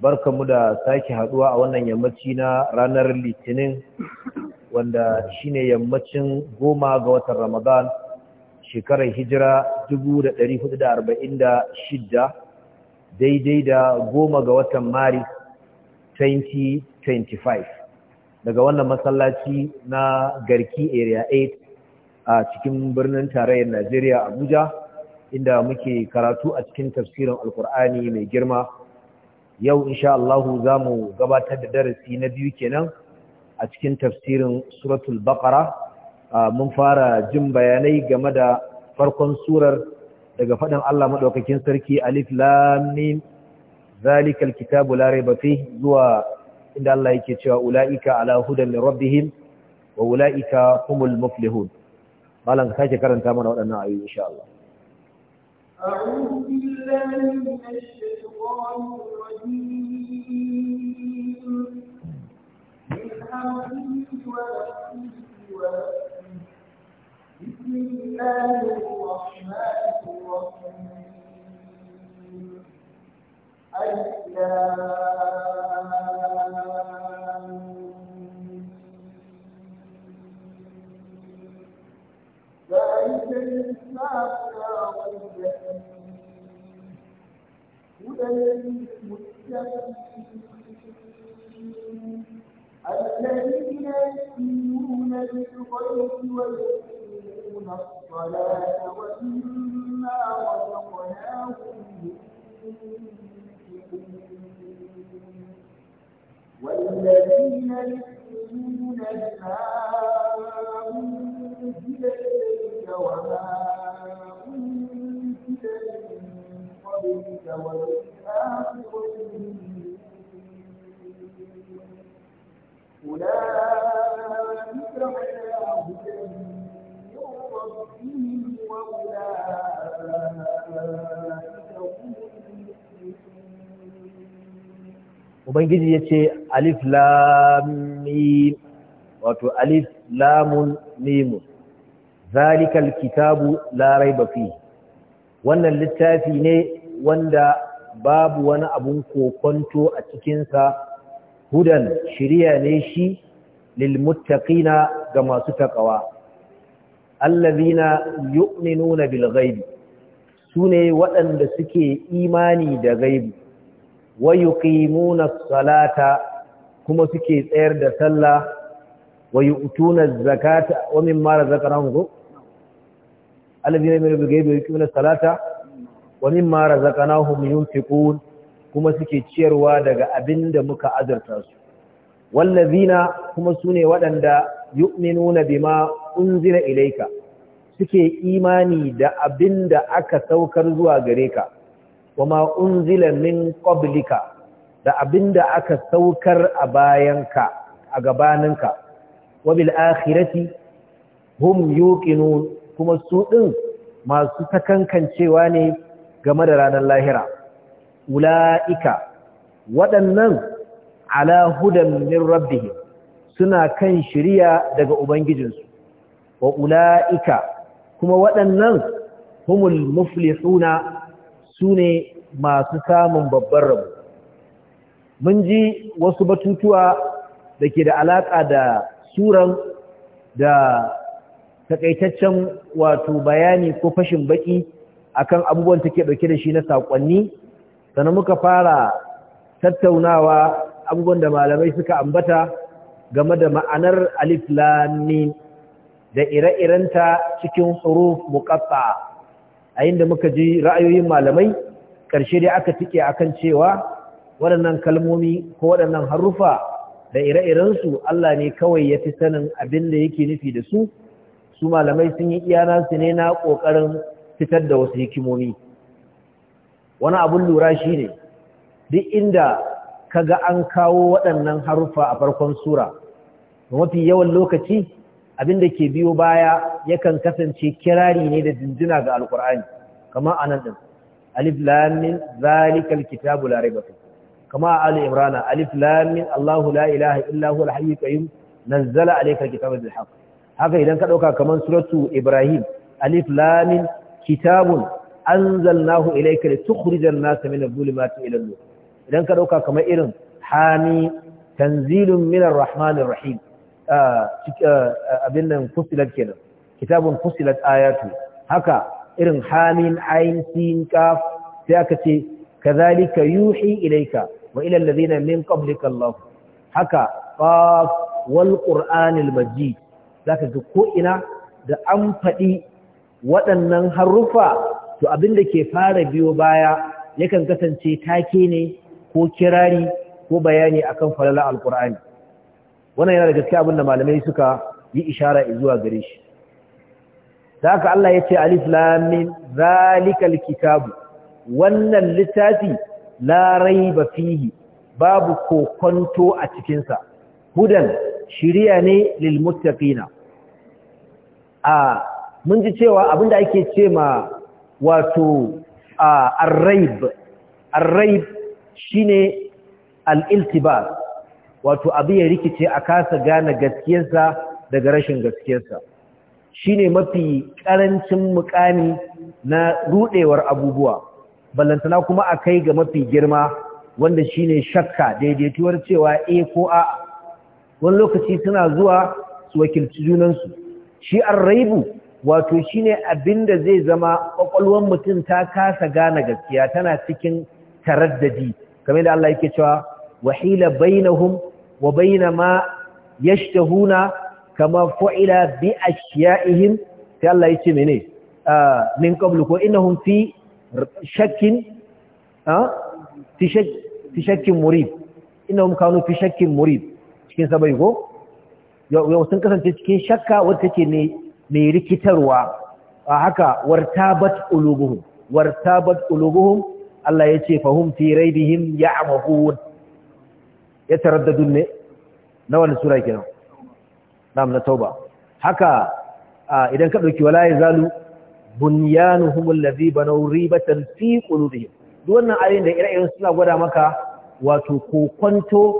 barkamu da sake haduwa a wannan yammaci na ranar litinin wanda shine yammacin goma ga watan ramadan shekarar hijira 1446 daidai da goma ga watan Mari 2025 daga wannan masallaci na garki area 8 a cikin birnin tarayyar najeriya abuja inda muke karatu a cikin tafsirin alkur'ani mai girma yau insha Allah za mu gabatar da darasi na biyu kenan a cikin tafsirin suratul baqara mun fara jin bayanai game da farkon surar daga faɗin Allah maɗaukakin sarki alif lam mim zalikal kitabu la raiba fihi zuwa inda Allah yake cewa ulaika ala hudan min rabbihim wa ulaika humul muflihun malam ka sake karanta mana waɗannan ayoyi insha Allah أعوذ بالله من الشيطان الرجيم من حمده ونفسه بسم الله الرحمن الرحيم أسلام ذلك الإسلام الذين يؤمنون بالغيب ويقيمون الصلاة ومما رزقناهم والذين يؤمنون بما أنزل إليك وما Ubangiji ya ce Alif Lamim, wato Alif Lamun Mimu, zalikal kitabu larai bafi, wannan littafi ne wanda babu wani abun kokonto a cikinsa hudan shirya ne shi lilmuttaqina ga masu takawa allazina yu'minuna bil ghaibi sune waɗanda suke imani da gaibi wa yuqimuna salata kuma suke tsayar da sallah wa yu'tuna zakata wa mimma razaqnahum allazina yu'minuna bil ghaibi wa yuqimuna salata wa mimma razaqnahum yunfiqun kuma suke ciyarwa daga abinda muka azurta su wallazina kuma sune waɗanda yu'minuna bima unzila ilayka suke imani da abinda aka saukar zuwa gare ka kuma unzila min qablika da abinda aka saukar a bayanka a gabaninka wabil akhirati hum yuqinun kuma su din masu takankancewa ne game da ranar lahira ula'ika waɗannan ala min rabbihim suna kan shiriya daga ubangijinsu wa ula'ika kuma waɗannan humul muflihuna su ne masu samun babban rabu mun ji wasu batutuwa da ke da alaƙa da suran da taƙaitaccen wato bayani ko fashin baki akan abubuwan take dauke da shi na sakonni sannan muka fara tattaunawa abubuwan da malamai suka ambata game da ma'anar alif lam mim da ire-irenta cikin huruf muqatta a inda muka ji ra'ayoyin malamai karshe dai aka tike akan cewa waɗannan kalmomi ko waɗannan harufa da ire-irensu Allah ne kawai ya fi sanin abin da yake nufi da su su malamai sun yi iyana su ne na ƙoƙarin fitar da wasu hikimomi wani abun lura shi ne duk inda kaga an kawo waɗannan haruffa a farkon sura mafi yawan lokaci abin da ke biyo baya yakan kasance kirari ne da jinjina ga alkur'ani kama a nan ɗin alif lamin zalikal kitabu la raiba kama a ali imrana alif lamin allahu la ilaha illa qayyum nazzala alayka alkitaba bil haqq haka idan ka dauka kaman suratu ibrahim alif lamin kitabun anzalnahu ilayka litukhrijan nasa min adh-dhulumati ila an-nur idan ka dauka kamar irin hami tanzilun min ar-rahmanir rahim ah, ah, ah, abin nan fusilat kenan kitabun fusilat ayatu haka irin hamin ayin sin kaf sai aka ce kadhalika yuhi ilaika wa ila alladhina min qablika Allah haka qaf wal qur'anil majid zaka ga ko ina da an faɗi waɗannan haruffa to abin da ke fara biyo baya yakan kasance take ne ko kirari ko bayani akan falala alkur'ani wannan yana da gaske abin da malamai suka yi ishara zuwa gare shi da haka Allah ya ce alif lam zalikal kitabu wannan littafi la raiba fihi babu kokonto a cikinsa hudan shiriya ne lilmuttaqina a mun ji cewa da ake ce ma wato arraib arraib shine al-iltibas wato abu ya rikice a kasa gane gaskiyarsa daga rashin gaskiyarsa shine mafi karancin mukami na rudewar abubuwa ballantana kuma a kai ga mafi girma wanda shine shakka daidaituwar cewa eh ko a wani lokaci suna zuwa su wakilci junansu shi arraibu wato shine abin da zai zama ƙwaƙwalwar mutum ta kasa gane gaskiya tana cikin taraddadi kamar da Allah yake cewa wahila bainahum wa baina ma yashtahuna kama fu'ila bi ashiyaihim sai Allah yake mene ah, min qablu ko innahum fi shakkin ah, fi shakkin murib innahum kanu fi shakkin murib cikin sabai go yau sun kasance cikin shakka wacce ne mai rikitarwa a haka wartabat ulubuhum wartabat ulubuhum Allah yace fahum fi raibihim ya'mahun taraddadun ne na wannan sura kenan nam na tauba haka idan ka dauki wala zalu bunyanuhum allazi banaw ribatan fi qulubihim duk wannan ayoyin da ira iren suna gwada maka wato kokonto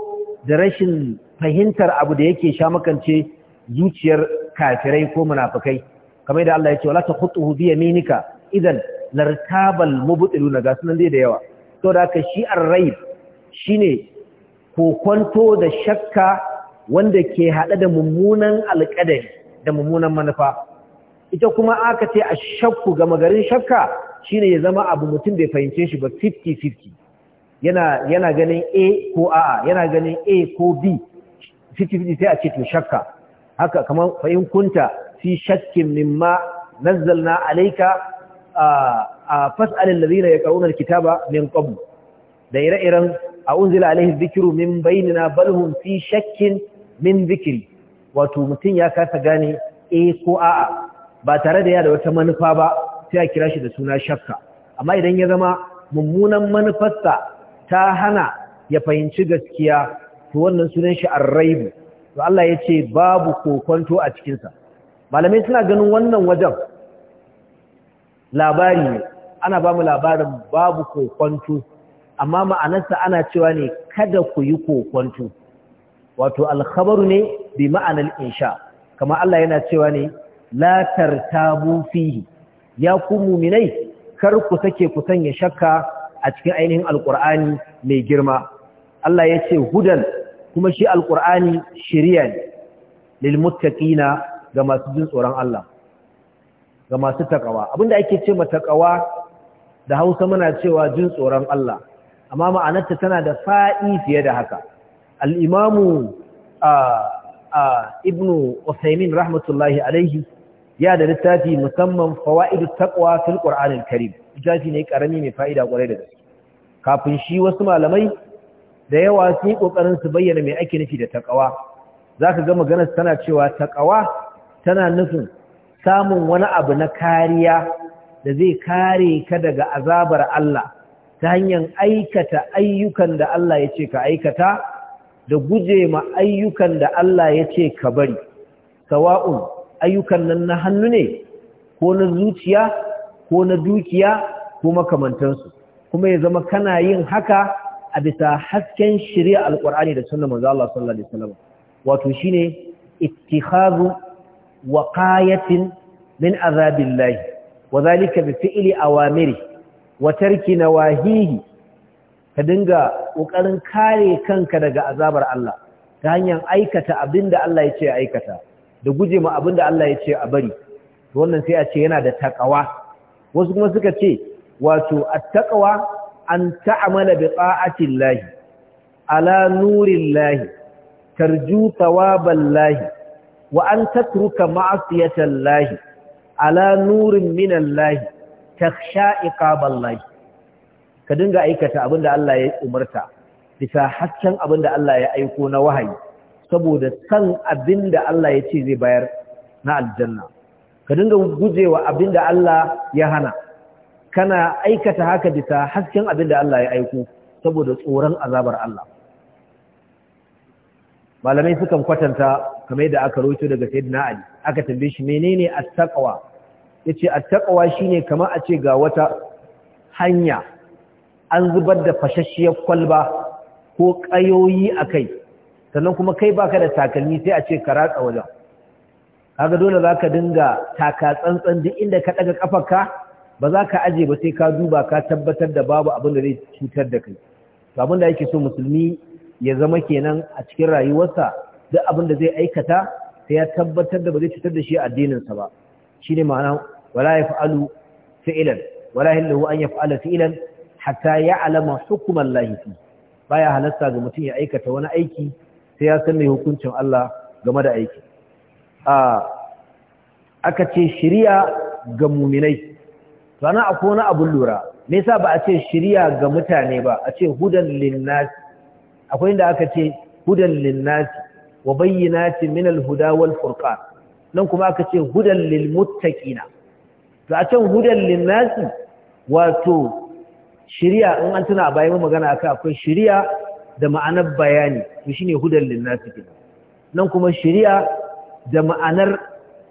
da rashin fahimtar abu da yake sha makance zuciyar kafirai ko munafikai kamar yadda Allah ya ce wala takhutuhu bi yaminika idan lartabal mubtiluna ga sunan dai da yawa to da haka shi ar-raib shine kokonto da shakka wanda ke hada da mummunan alƙadari da mummunan manufa ita kuma aka ce a shakku ga magarin shakka shine ya zama abu mutum bai fahimce shi ba 50-50 yana ganin a ko a'a yana ganin a ko b 50-50 sai a ce to shakka haka kamar fahimkunta, kunta fi shakkin mimma na, alaika a fas'alil ladina yaqra'una kitaba, min qabl da ire-iren a unzila alaihi dhikru min bainina bal fi shakkin min dhikri wato mutum ya kasa gane eh ko a'a ba tare da ya da wata manufa ba sai a kira shi da suna shakka amma idan ya zama mummunan manufarsa ta hana ya fahimci gaskiya to wannan sunan shi arraibu to Allah ya ce babu kokonto a cikinsa malamai suna ganin wannan wajen labari ne ana ba mu labarin babu kokonto amma ma'anarsa ana cewa ne kada ku yi kokonto wato alkhabaru ne bi ma'anar insha Kamar Allah yana cewa ne la tartabu fihi ya ku muminai kar ku sake ku sanya shakka a cikin ainihin alqur'ani mai girma Allah ya ce hudan kuma shi alqur'ani shiriya ne lil muttaqina ga masu jin tsoron Allah ga masu takawa abinda ake ce ma takawa da Hausa muna cewa jin tsoron Allah amma ma'anarta tana da fa'i fiye da haka al-imamu ibnu Usaimin rahmatullahi alaihi ya da littafi musamman fawa'idu takwa fil qur'anil karim littafi ne karami mai fa'ida kwarai da gaske kafin shi wasu malamai da yawa sun yi ƙoƙarin su bayyana mai ake nufi da taƙawa za ka ga maganar tana cewa taƙawa tana nufin samun wani abu na kariya da zai kare ka daga azabar Allah ta hanyar aikata ayyukan da Allah ya ce ka aikata da guje ma ayyukan da Allah ya ce ka bari sawa'un ayyukan nan na hannu ne ko na zuciya ko na dukiya ko makamantansu kuma ya zama kana yin haka a bisa hasken shirya Alƙur'ani da sunnar manzo Allah sallallahu alaihi wasallam wato shine wa ƙayatin min azabillahi wa zalika bi fi'li awamiri wa tarki nawahihi ka dinga ƙoƙarin kare kanka daga azabar Allah ta hanyar aikata abinda Allah ya ce aikata da guje ma abinda Allah ya ce a bari wannan sai a ce yana da takawa wasu kuma suka ce wato at-taqwa an ta'amala bi tsa'atin lahi ala nurin lahi tarju tawaban lahi wa an tatruka ma'asiyatan lahi ala nurin minan lahi takhsha iqaban lahi ka dinga aikata abinda Allah ya umarta bisa hasken abinda Allah ya aiko na wahayi saboda san abinda Allah ya ce zai bayar na aljanna ka dinga gujewa abinda Allah ya hana kana aikata haka bisa hasken abin da Allah ya aiko saboda tsoron azabar Allah malamai sukan kwatanta kamar da aka roto daga sayyidina Ali aka tambaye shi menene at-taqwa yace at-taqwa shine kamar a ce ga wata hanya an zubar da fashashiyar kwalba ko kayoyi akai sannan kuma kai baka da takalmi sai a ce ka ratsa wajen kaga dole zaka dinga taka tsantsan duk inda ka daga kafarka ba za ka aje ba sai ka duba ka tabbatar da babu abin da zai cutar da kai to abin da yake so musulmi ya zama kenan a cikin rayuwarsa duk abin da zai aikata sai ya tabbatar da ba zai cutar da shi addininsa ba shine ma'ana wala yaf'alu fi'lan wala yahillu an yaf'ala fi'lan hatta ya'lama hukm Allah fi baya halasta ga mutum ya aikata wani aiki sai ya san me hukuncin Allah game da aiki a ah, aka ce shari'a ga muminai sana a kona abun lura me yasa ba a ce shirya ga mutane ba a ce hudan linnas akwai inda aka ce hudan linnas wa bayyinatin min alhuda wal furqan nan kuma aka ce hudan lil muttaqina to a can hudan linnas wato shirya in an tuna bayan magana akai akwai shirya da ma'anar bayani to shine hudan linnas kenan nan kuma shirya da ma'anar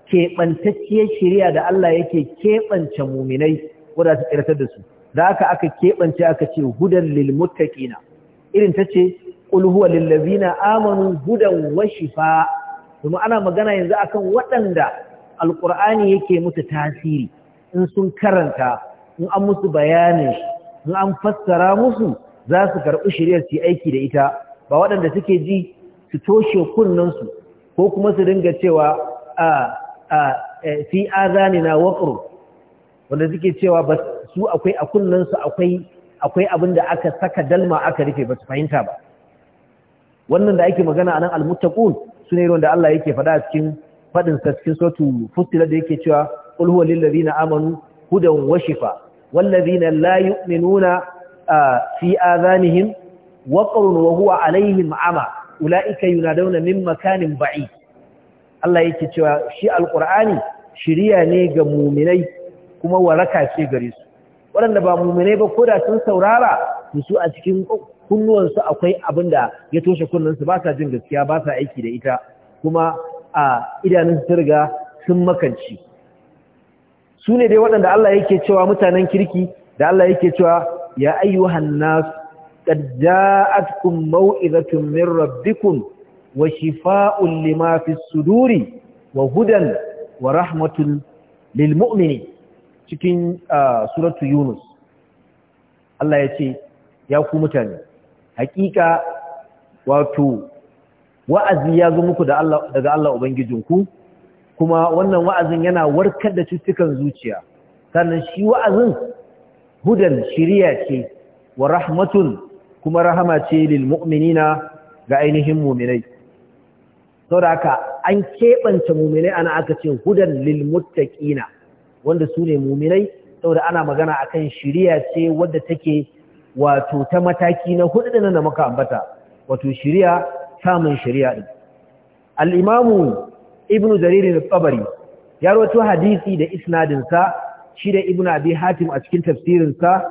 keɓantacciyar shirya da Allah yake keɓance muminai wadda ta ƙirtar da su da aka aka keɓance aka ce hudan lil muttaqina irin ta ce qul huwa lil ladzina amanu hudan wa shifa ana magana yanzu akan waɗanda alqur'ani yake musu tasiri in sun karanta in an musu bayanin in an fassara musu za su karɓi shirya su yi aiki da ita ba waɗanda suke ji su toshe su, ko kuma su dinga cewa a ah, a e, fi azanina waqr wanda suke cewa ba su akwai a kullun su akwai akwai abin da aka saka dalma aka rufe ba su fahimta ba wannan da ake magana anan almuttaqun sune wanda Allah yake fada a cikin fadin sa cikin suratu fussilat da yake cewa qul huwa lil ladina amanu hudan wa shifa wal ladina la yu'minuna fi azanihim waqrun wa huwa alaihim ama ulaika yunadawna min makanin ba'id Allah yake cewa shi alqur'ani shiriya ne ga mu'minai kuma waraka ce gare su waɗanda ba mu'minai ba koda sun saurara su a cikin kunnuwansu akwai abinda ya toshe su ba sa jin gaskiya ba sa aiki da ita kuma a idanun su riga sun makanci su ne dai waɗanda Allah yake cewa mutanen kirki da Allah yake cewa ya ayyuhan nas qad ja'atkum maw'izatun min rabbikum wa shifa'un lima fi suduri wa hudan wa cikin ah, suratu Yunus Allah ya ce ya ku mutane hakika wato wa'azi ya zo muku da Allah daga Allah ubangijinku kuma wannan wa'azin yana warkar da cutukan zuciya sannan shi wa'azin hudan shiriya ce wa rahmatun kuma rahama ce lil mu'minina ga ainihin mu'minai saboda haka an keɓance muminai ana aka ce hudan lil muttaqina wanda su ne muminai saboda ana magana akan shiriya ce wadda take wato ta mataki na hudu da na maka ambata wato shiriya samun shiriya din al-imamu ibnu jarir al-tabari ya rawaito hadisi da isnadin sa shi da ibnu abi hatim a cikin tafsirin sa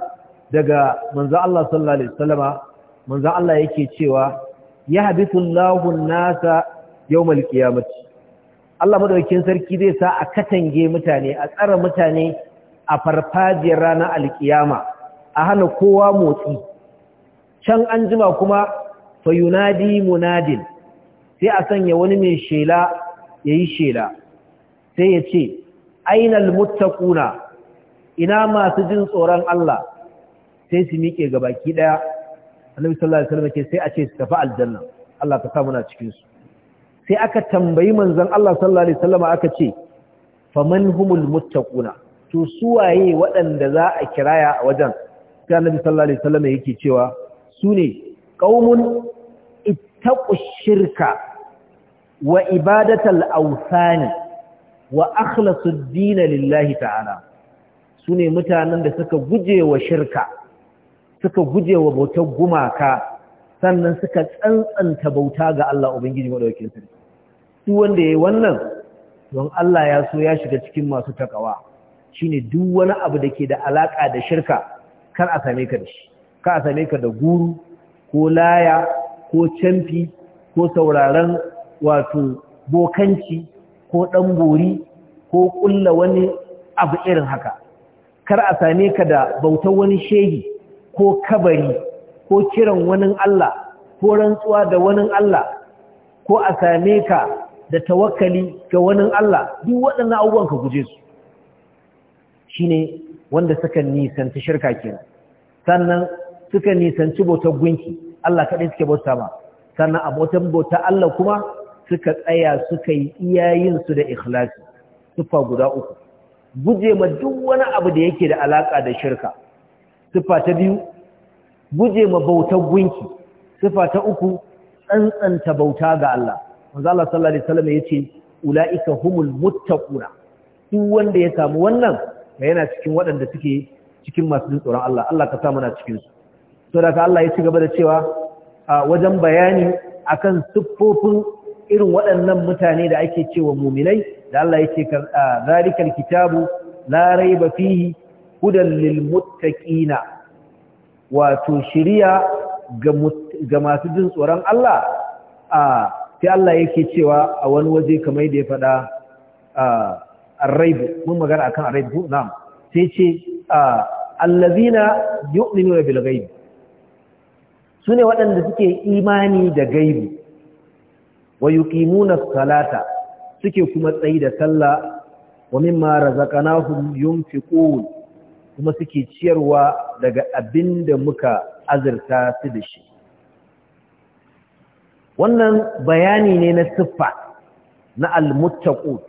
daga manzo Allah sallallahu alaihi wasallama manzo Allah yake cewa yahbitullahu an-nasa Yau mace. Allah madaukakin sarki zai sa a katange mutane a tsara mutane a farfajiyar ranar alkiyama a hana kowa motsi can an jima kuma fayunadi munadin sai a sanya wani mai shela ya yi shela sai ya ce ainal muttaquna ina masu jin tsoron Allah sai su miƙe ga baki ɗaya annabi sallallahu alaihi wasallam ke sai a ce su tafi aljanna Allah ka sa muna cikinsu. sai aka tambayi manzon Allah sallallahu alaihi wasallam aka ce faman humul muttaquna to suwaye waɗanda za a kiraya a wajen sai Annabi sallallahu alaihi wasallam yake cewa sune qaumun ittaqu shirka wa ibadatal awsani wa akhlasu ad-din lillahi ta'ala sune mutanen da suka guje wa shirka suka guje wa bautar gumaka sannan suka tsantsanta bauta ga Allah Ubangiji madaukakin sarki duk wanda yayi wannan don Allah ya so ya shiga cikin masu takawa shine duk wani abu da ke da alaƙa da shirka kar a same ka da shi ka a same ka da guru ko laya ko canfi ko sauraron wato bokanci ko dan bori ko ƙulla wani abu irin haka kar a same ka da bautar wani shehi ko kabari ko kiran wani Allah ko rantsuwa da wani Allah ko a same ka da tawakkali ga wani Allah duk waɗannan abubuwan ka guje su shine wanda suka nisanci shirka kenan sannan suka nisanci bautar gunki Allah kaɗai suke bauta ma sannan abotan bauta Allah kuma suka tsaya suka yi su da ikhlasi sufa guda uku guje ma duk wani abu da yake da alaka da shirka siffa ta biyu guje ma bautar gunki sifa ta uku tsantsanta bauta ga Allah manzo Allah sallallahu alaihi wasallam yace ulaika humul muttaquna duk wanda ya samu wannan yana cikin waɗanda suke cikin masu jin tsoron Allah Allah ka sa mana cikin su to da Allah ya ci gaba da cewa wajen bayani akan siffofin irin waɗannan mutane da ake cewa muminai da Allah yake zalikal kitabu la raiba fihi hudan lil muttaqina wato shirya ga masu jin tsoron Allah a sai Allah yake cewa a wani waje kamar da ya faɗa arraibu mun magana akan arraibu na'am sai ce allazina nuna bil ghaib sune waɗanda suke imani da gaibu? wa yuqimuna salata suke kuma tsayi da sallah wa mimma razaqnahum yunfiqun kuma suke ciyarwa daga abin da muka azurta su da shi wannan bayani ne na siffa na almuttaqu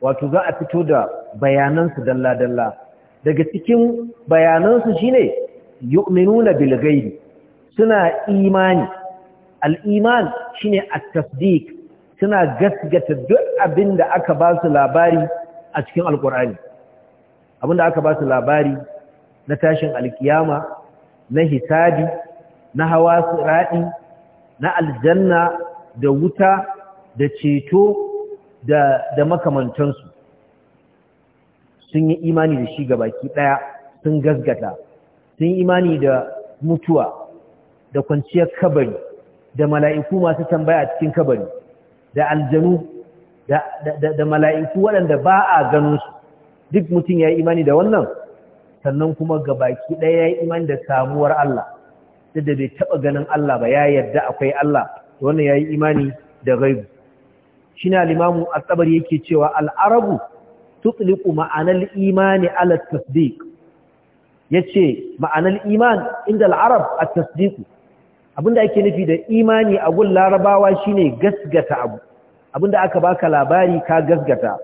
wato za a fito da bayanansu dalla-dalla daga cikin bayanansu shine yu'minuna bil suna imani al-iman shine at-tasdiq suna gaskata duk abin da aka ba su labari a cikin alkur'ani abinda aka ba su labari na tashin alkiyama na hisabi na hawa sura'i, na aljanna da wuta da ceto da da makamantansu sun yi imani da shi gabaki daya sun gasgata sun yi imani da mutuwa da kwanciyar kabari da mala'iku masu tambaya a cikin kabari da aljanu da mala'iku waɗanda ba a ganinsu duk mutum ya yi imani da wannan sannan kuma ga baki ɗaya ya yi imani da samuwar Allah duk da bai taɓa ganin Allah ba ya yarda akwai Allah to wannan ya yi imani da gaibu shi na limamu a tsabar yake cewa al'arabu tutliku ma'anar imani ala tasdiq ya ce ma'anar iman inda al'arab a tasdiku abinda ake nufi da imani a gun larabawa shine gasgata abu abinda aka baka labari ka gasgata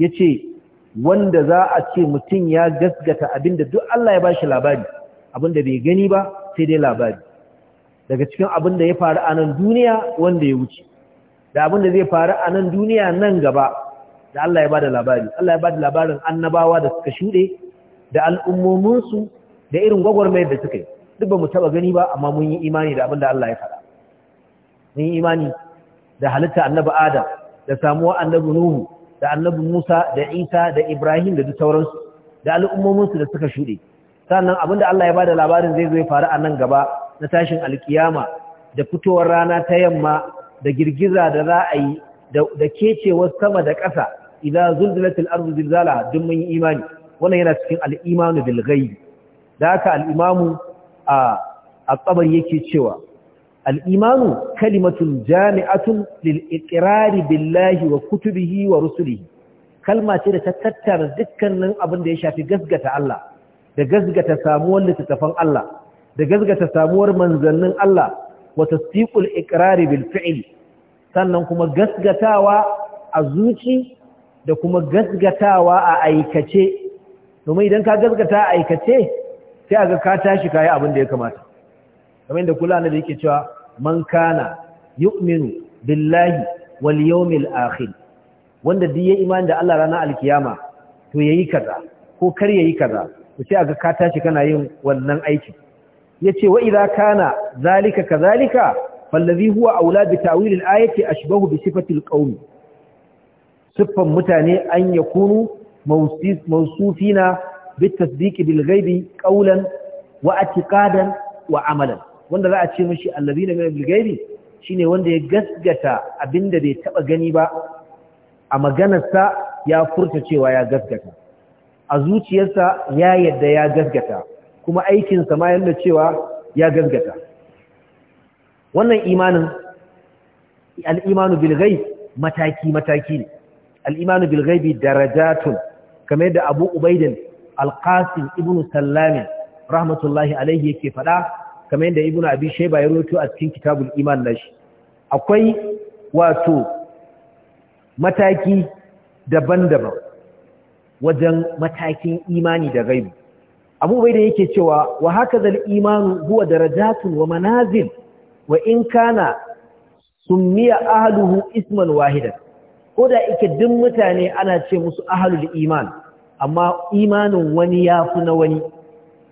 ya ce wanda za a ce mutum ya gasgata abinda duk Allah ya bashi labari abinda bai gani ba sai dai labari daga cikin abinda ya faru a nan duniya wanda ya wuce da abinda zai faru a nan duniya nan gaba da Allah ya ba da labari Allah ya ba da labarin annabawa da suka shuɗe da al'ummominsu da irin gwagwarmayar da suka yi duk ba mu taɓa gani ba amma mun yi imani da abinda Allah ya faɗa mun yi imani da halitta annabi Adam da samuwa annabi Nuhu da annabi Musa da Isa da Ibrahim da duk sauransu da al'ummominsu da suka shuɗe sannan abinda Allah ya ba da labarin zai zo ya faru a nan gaba na tashin alkiyama da fitowar rana ta yamma da girgiza da za a yi da kecewar sama da ƙasa idza zulzilatil ardu zilzalaha duk mun yi imani wannan yana cikin alimanu bil ghaibi da haka al'imamu a tsabar yake cewa al'imanu kalimatun jami'atun lil'ikirari billahi wa kutubihi wa rusulihi kalma ce da ta tattara dukkanin abin da ya shafi gasgata Allah da gasgata samuwar littattafan Allah da gasgata samuwar manzannin Allah wa tasdiqul iqrari bil fi'l sannan kuma gasgatawa a zuci da kuma gasgatawa a aikace domin idan ka gasgata a aikace sai a ga ka tashi kayi abin da ya kamata kamar yadda kula na da yake cewa man kana yu'minu billahi wal yawmil akhir wanda duk yayi imani da Allah ranar alkiyama to yayi kaza ko kar yayi kaza to sai aga ka tashi kana yin wannan aiki yace wa idza kana zalika kazalika fallazi huwa aula bi ta'wil al-ayati ashbahu bi sifati al-qawm siffan mutane an yakunu mawsufina bi tasdiqi bil ghaibi qawlan wa i'tiqadan wa amalan wanda za a ce mashi allazi da mai shi shine wanda ya gasgata abinda bai taɓa gani ba a maganarsa ya furta cewa ya gasgata a zuciyarsa ya yadda ya gasgata kuma aikinsa ma yadda cewa ya gasgata wannan imanin al'imanu bilgai mataki-mataki ne al'imanu bilgaibi darajatun kamar da abu ubaidin alƙasin ibn sallamin rahmatullahi alaihi yake faɗa kamar yadda ibnu abi shayba ya rawaito a cikin kitabul iman nashi akwai wato mataki daban-daban wajen matakin imani da gaibu abu da yake cewa wa haka zal imanu huwa darajatun wa manazil wa in kana summiya ahluhu isman wahidan ko da ike duk mutane ana ce musu ahlul iman amma imanin wani yafi na wani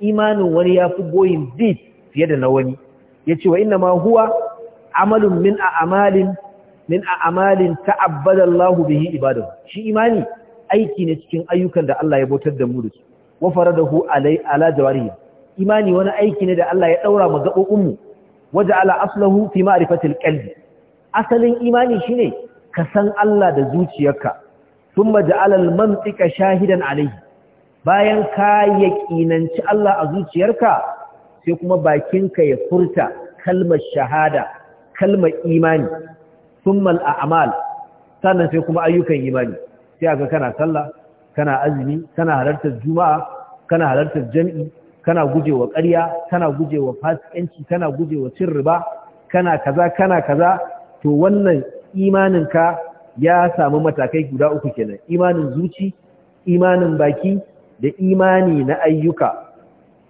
imanin wani yafi going bit fiye da na wani yace wa inna ma huwa Amalin min a'malin min a'malin ta'abbada Allah bihi shi imani aiki ne cikin ayyukan da Allah ya bautar da mu da su wa faradahu alai ala jawarihi imani wani aiki ne da Allah ya daura mu gabobin mu waja'ala aslahu fi ma'rifatil qalbi asalin imani shine ka san Allah da zuciyarka thumma ja'ala al-mantiqa shahidan alayhi bayan ka yaqinanci Allah a zuciyarka sai kuma bakinka ya furta kalmar shahada kalmar imani summal a'mal sannan sai kuma ayyukan imani sai ga kana sallah kana azumi kana halartar juma'a kana halartar jami'i kana gujewa ƙarya kana gujewa fasikanci kana gujewa cin riba kana kaza kana kaza to wannan imanin ka ya samu matakai guda uku kenan imanin zuci imanin baki da imani na ayyuka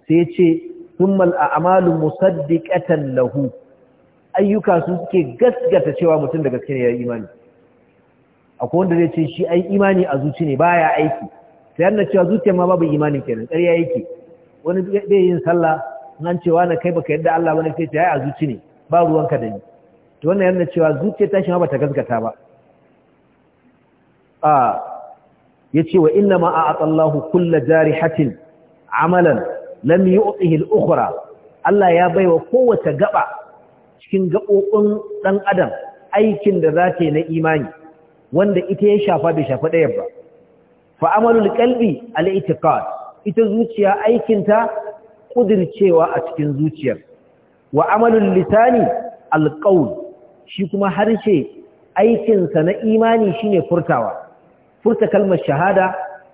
sai ce thumma a'malu musaddiqatan lahu ayyuka su suke gaskata cewa mutum da gaskiya ya imani akwai wanda zai ce shi ai imani a zuci ne baya aiki sai annabi cewa zuciya ma babu imanin kenan ƙarya yake wani bai yin sallah nan cewa na kai baka yadda Allah bane sai ce ai a zuci ne ba ruwanka da ni to wannan yana cewa zuciya ta shi ma bata gaskata ba a ah, yace wa inna ma a'ata Allahu kullu jarihatin amalan lam yu'tihi al-ukhra Allah ya baiwa kowace gaba cikin gabobin dan adam aikin da zata na imani wanda ita ya shafa bai shafa daya ba fa kalbi qalbi al-i'tiqad ita zuciya aikin ta kudircewa a cikin zuciyar wa amalul lisani al-qawl shi kuma harshe aikin sa na imani shine furtawa furta kalmar shahada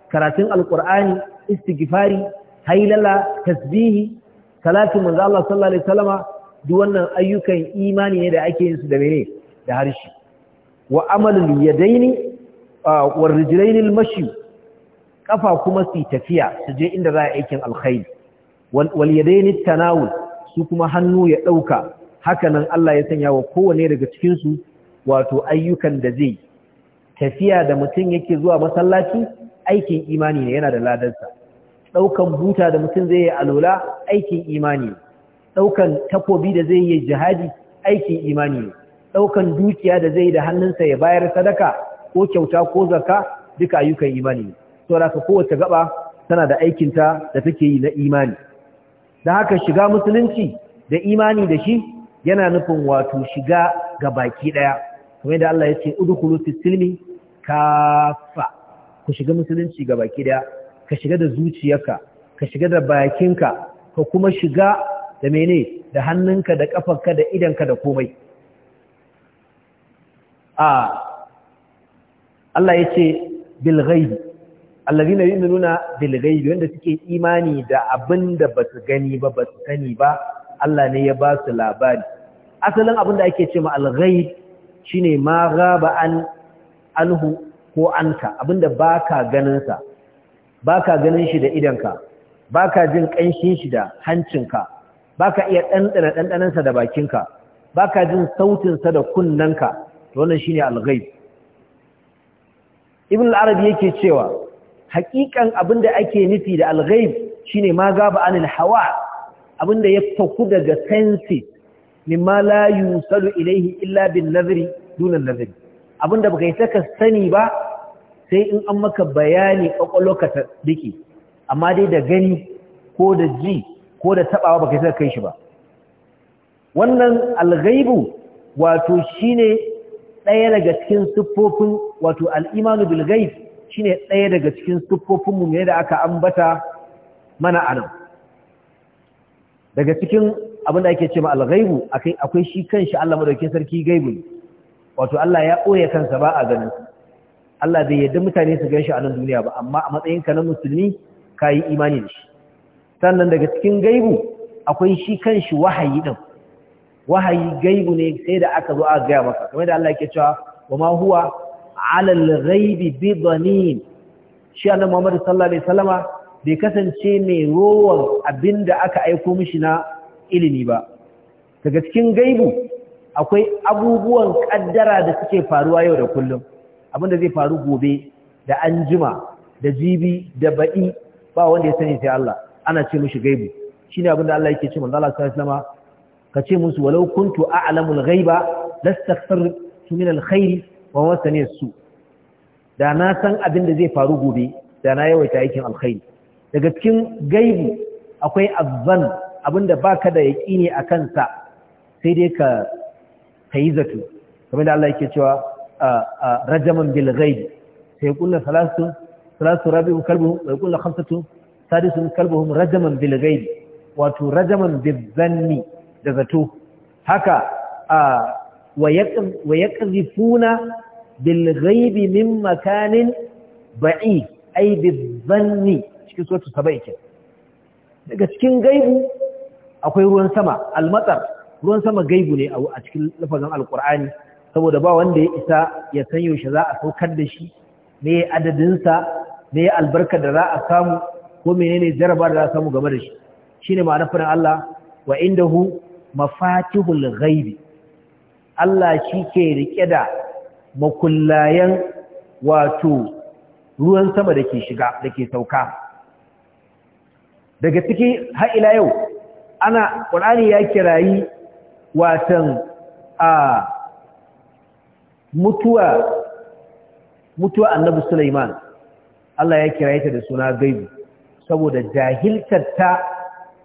karatun Alƙur'ani, istighfari hailala tasbihi salatin manzo Allah sallallahu alaihi wasallama duk wannan ayyukan imani ne da ake yin su da mene da harshe wa amalul yadaini wa rijlainil mashi kafa kuma su tafiya su je inda za a aikin alkhairi wal yadaini tanawul su kuma hannu ya dauka hakanan Allah ya sanya wa kowane daga cikin su wato ayyukan da zai tafiya da mutum yake zuwa masallaci aikin imani ne yana da ladarsa Daukan buta da mutum zai yi alola aikin imani Daukan takobi da zai yi jihadi aikin imani Daukan dukiya da zai da hannunsa ya bayar sadaka ko kyauta ko zaka duka ayyukan imani to da ka kowace gaba tana da aikinta da take yi na imani da haka shiga musulunci da imani da shi yana nufin wato shiga ga baki ɗaya kamar yadda Allah ya ce udkhulu fis silmi kafa ku shiga musulunci ga baki ɗaya ka shiga da zuciyarka ka shiga da bakinka ka kuma shiga da mene da hannunka da kafarka da idanka da komai a Allah ya ce bil ghaibi allazina yu'minuna bil wanda suke imani da abinda su gani ba ba su sani ba Allah ne ya ba su labari asalin abin da ake cewa ma al shine ma ghaba an anhu ko anka abinda baka ganin sa ba ka ganin shi da idanka ba ka jin ƙanshin shi da hancinka ba ka iya ɗanɗana ɗanɗanansa da bakinka ba ka jin sautinsa da kunnanka to wannan ne alghaib ibn al-arabi yake cewa haƙiƙan abin da ake nufi da alghaib shine ma gaba anil hawa abinda ya faku daga sensi ma la yusalu ilaihi, illa bin nazari dunan nazari abinda baka yi saka sani ba sai in an maka bayani kwakwalwa ka ta amma dai da gani ko da ji ko da tabawa baka sai kai shi ba wannan alghaibu wato shine ɗaya daga cikin siffofin wato al-imanu bil ghaib shine ɗaya daga cikin siffofin mu ne da aka ambata mana anan daga cikin abin da ake cewa al-ghaibu akwai shi kanshi Allah madaukakin sarki gaibu wato Allah ya ɓoye kansa ba a ganin Allah bai yadda mutane su gan shi a nan duniya ba amma a matsayinka na musulmi ka yi imani da shi sannan daga cikin gaibu akwai shi kan shi wahayi ɗin wahayi gaibu ne sai da aka zo a gaya maka kamar da Allah yake cewa wa ma huwa ala al-ghaibi bi dhanin shi Muhammad sallallahu alaihi wasallama bai kasance mai rowan abinda aka aiko mishi na ilimi ba daga cikin gaibu akwai abubuwan kaddara da suke faruwa yau da kullum abinda zai faru gobe da anjima da jibi da ba'i ba wanda ya sani sai Allah ana ce mushi gaibu shine abinda Allah yake ce manzo Allah sallallahu ka ce musu walau kuntu a'lamul ghaiba lastaghfartu min alkhair wa ne su da na san da zai faru gobe da na yawaita aikin alkhairi daga cikin gaibu akwai azzan abinda baka da yaqini akan sa sai dai ka yi zato kamar da Allah yake cewa rajaman bil ghaib sai kullu salatu salatu rabi'u kalbuhum wa kullu khamsatu sadisun kalbuhum rajaman bil ghaib wato rajaman bil zanni da zato haka wa yaqzifuna bil ghaib min makanin ba'i ay bil zanni cikin suratu saba'i daga cikin gaibu akwai ruwan sama almatar ruwan sama gaibu ne a cikin lafazin alqur'ani saboda ba wanda ya isa ya san yaushe za a saukar da shi me adadinsa me albarka da za a samu ko menene jaraba da za a samu game da shi shine ma'ana faɗin Allah wa inda hu mafatihul ghaibi Allah shi ke rike da makullayen wato ruwan sama da ke shiga da ke sauka daga ciki har ila yau ana ƙur'ani ya kirayi watan a mutuwa mutuwa annabi Sulaiman Allah ya kira ta da suna gaibu saboda jahiltarta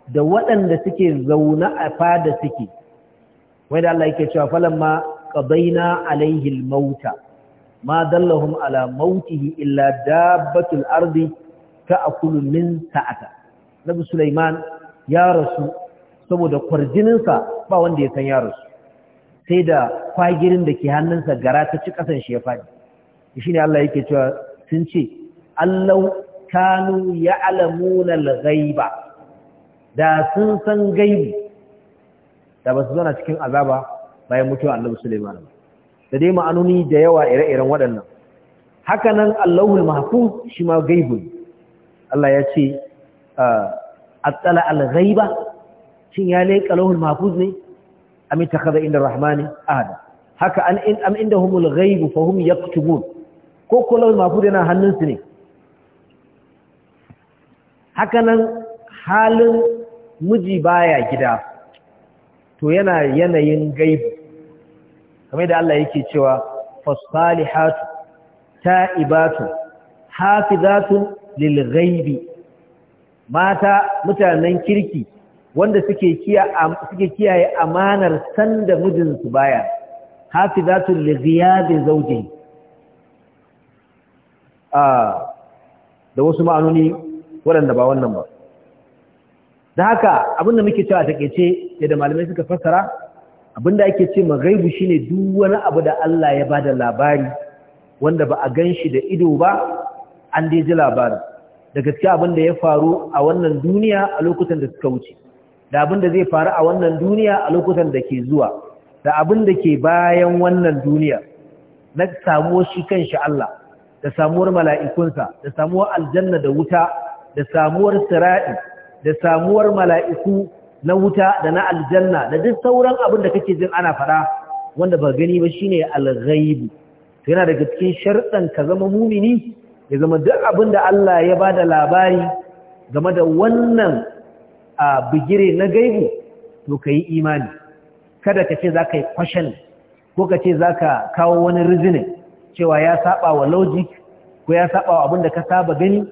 da waɗanda suke zauna a fada suke wai da Allah yake cewa falamma qadaina alaihi almauta ma dallahum ala mautihi illa dabbatul ardi ta'kulu min sa'ata nabi Sulaiman ya rasu saboda kwarjininsa ba wanda ya san ya rasu sai da kwagirin da ke hannunsa gara ta ci ƙasan shi ya faɗi shi ne Allah yake cewa sun ce Allah kanu ya alamuna ghaiba da sun san gaibi da ba su zana cikin azaba bayan mutuwa annabi Sulaiman da dai ma'anoni da yawa ire-iren waɗannan haka nan Allahul mahfuz shi ma gaibun Allah ya ce ah, attala al-ghaiba shin ya leƙa Allahul mahfuz ne am ittakhadha inda rahmani ahada haka an in am indahumul ghaib fa hum yaktubun ko kullal mafud yana hannunsu ne haka nan halin miji baya gida to yana yanayin gaibu kamar da Allah yake cewa fasalihatu ta'ibatu hafizatu lil ghaibi mata mutanen kirki wanda suke kiyaye amanar sanda mijinsu baya hafizatul lighiyabi zawji ah da wasu ma'anoni waɗanda ba wannan ba da haka abinda muke cewa ce yadda malamai suka fassara abinda ake ce magaibu shine duk wani abu da Allah ya bada labari wanda ba a gan shi da ido ba an dai ji labarin da abin abinda ya faru a wannan duniya a lokutan da suka wuce da abin da zai faru a wannan duniya a lokutan da ke zuwa da abin da ke bayan wannan duniya na samuwar shi kanshi Allah da samuwar mala'ikunsa da samuwar aljanna da wuta da samuwar sira'i da samuwar mala'iku na wuta da na aljanna da duk sauran abin da kake jin ana faɗa wanda ba gani ba shine al-ghaibu yana daga cikin sharɗan ka zama mumini ya zama duk abin da Allah ya ba da labari game da wannan a bigire na gaibu to ka yi imani kada ka ce za ka yi kwashen ko ka ce za ka kawo wani rizini cewa ya saba wa logic ko ya saba wa abin da ka saba gani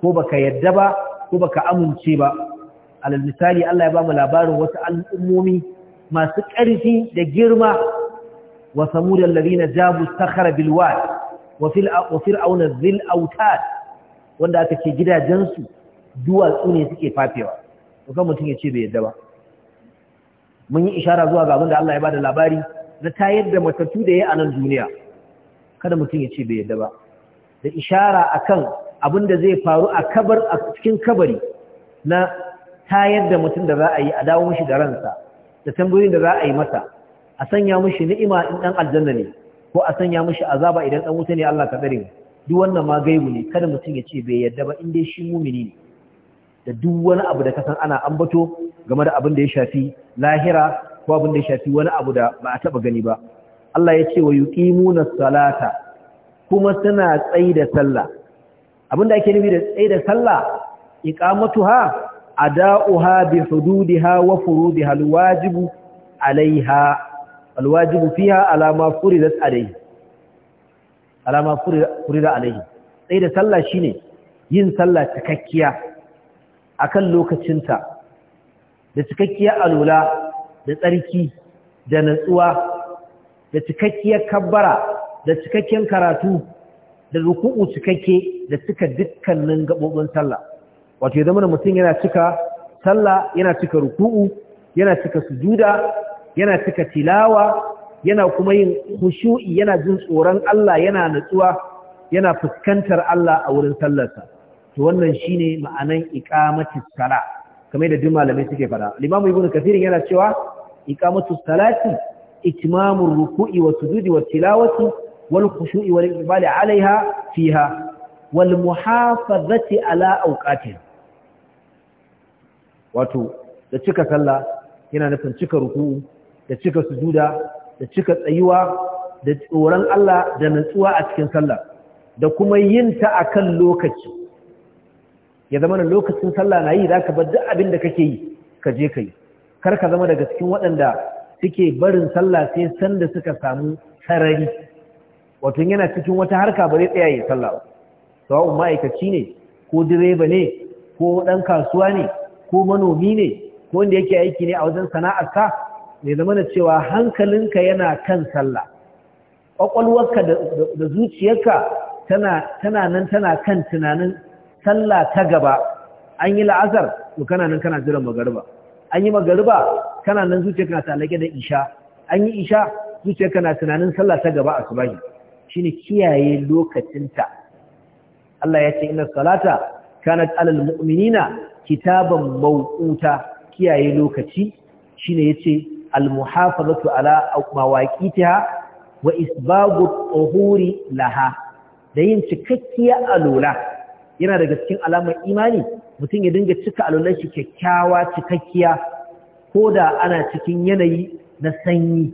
ko baka yadda ba ko baka amince ba alal misali Allah ya ba mu labarin wasu al'ummomi masu ƙarfi da girma wa samud allazina jabu sakhara bil wad wa fil zil fir'auna autad wanda aka ce gidajensu duwatsu ne suke fafewa kusan mutum ya ce bai yadda ba mun yi ishara zuwa ga abinda Allah ya bada labari na tayar da matattu da ya a nan duniya kada mutum ya ce bai yadda ba da ishara akan abin da zai faru a cikin kabari na tayar da mutum da za a yi a dawo mishi da ransa da tambayoyin da za a yi masa a sanya mishi ni'ima in ɗan aljanna ne ko a sanya mishi azaba idan ɗan wuta ne Allah ka tsare duk wannan ma gaibu ne kada mutum ya ce bai yadda ba in dai shi mumini ne da duk wani abu da kasan ana ambato game da abin da ya shafi lahira ko abin da ya shafi wani abu da ba a taba gani ba Allah ya ce wa yuqimuna salata kuma suna tsayi da sallah abin da ake nufi da tsayi da sallah iqamatuha ada'uha bi hududiha wa furudiha alwajibu alaiha alwajibu fiha ala ma furidat alayhi ala ma furida alayhi tsayi da sallah shine yin sallah cikakkiya akan lokacinta da cikakkiyar alula da tsarki da natsuwa da cikakkiyar kabbara da cikakken karatu da ruku'u cikakke da cika dukkanin gabobin sallah wato ya zama mutum yana cika sallah yana cika ruku'u yana cika sujuda yana cika tilawa yana kuma yin khushu'i yana jin tsoron Allah yana natsuwa yana fuskantar Allah a wurin sallarsa to wannan shine ma'anan iqamatis sala kamar da duk malamai suke fada limamu ibnu kathir yana cewa iqamatus salati itmamur ruku'i wa sujudi wa tilawati wal khushu'i wal ibali 'alayha fiha wal muhafazati ala awqatiha wato da cika sallah yana nufin cika ruku'u da cika sujuda da cika tsayuwa da tsoron Allah da natsuwa a cikin sallah da kuma yin ta akan lokaci ya zama na lokacin sallah na yi za ka bar duk abin da kake yi ka je ka yi kar ka zama daga cikin waɗanda suke barin sallah sai sanda suka samu sarari wato yana cikin wata harka ba zai tsaya ya sallah sawa'un ma'aikaci ne ko direba ne ko ɗan kasuwa ne ko manomi ne ko wanda yake aiki ne a wajen sana'arka. mai zama da cewa hankalinka yana kan sallah ƙwaƙwalwarka da zuciyarka tana nan tana kan tunanin sallah ta gaba an yi la'asar to kana nan kana jiran magariba an yi magariba kana nan zuciya kana talake da isha an yi isha zuciya kana tunanin sallah ta gaba a subahi shine kiyaye lokacinta Allah ya ce inna salata kanat alal mu'minina kitaban mawquta kiyaye lokaci shine yace al muhafazatu ala mawaqitiha wa isbagu tuhuri laha da yin cikakkiya alula yana daga cikin alamar imani mutum ya dinga cika alwalar shi kyakkyawa cikakkiya ko da ana cikin yanayi na sanyi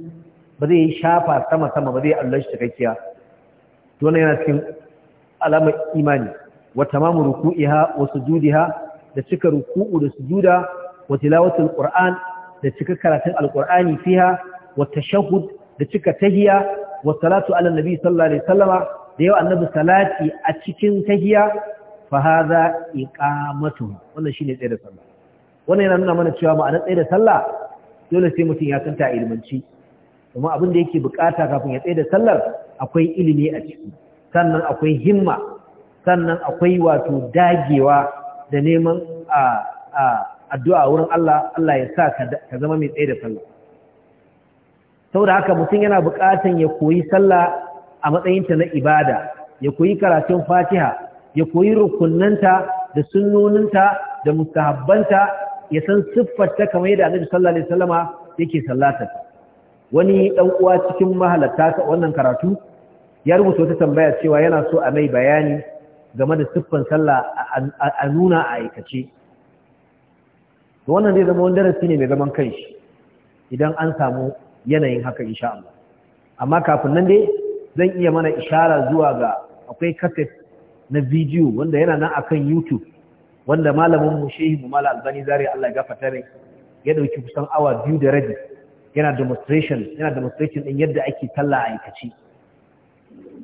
ba zai yi shafa sama sama ba zai alwalar shi cikakkiya to wannan yana cikin alamar imani wa tamamu ruku'iha wa sujudiha da cika ruku'u da sujuda wa tilawatul qur'an da cika karatun alqur'ani fiha wa tashahhud da cika tahiyya wa salatu ala nabi sallallahu alaihi wasallama da yau annabi salati a cikin tahiyya fa hadha iqamatu wannan shine tsaye da sallah wannan yana nuna mana cewa ma'anar tsaye da sallah dole sai mutum ya santa ilmanci kuma abin da yake bukata kafin ya tsaye da sallar akwai ilimi a ciki sannan akwai himma sannan akwai wato dagewa da neman a addu'a wurin Allah Allah ya sa ka zama mai tsaye da sallah saboda haka mutum yana bukatan ya koyi sallah a matsayinta na ibada ya koyi karatun fatiha ya koyi rukunanta da sunnoninta da mustahabbanta ya san siffarta kamar yadda annabi sallallahu alaihi wasallama yake sallata wani dan uwa cikin mahalarta wannan karatu ya rubuta wata tambaya cewa yana so a mai bayani game da siffan sallah a nuna a aikace to wannan zai zama wani darasi ne mai zaman kanshi idan an samu yanayin haka insha Allah amma kafin nan dai zan iya mana ishara zuwa ga akwai kaset na bidiyo wanda yana nan akan YouTube wanda malamin mu shehi mu mala albani zari Allah ya gafarta rai ya dauki kusan awa biyu da rabi yana demonstration yana demonstration din yadda ake talla a aikaci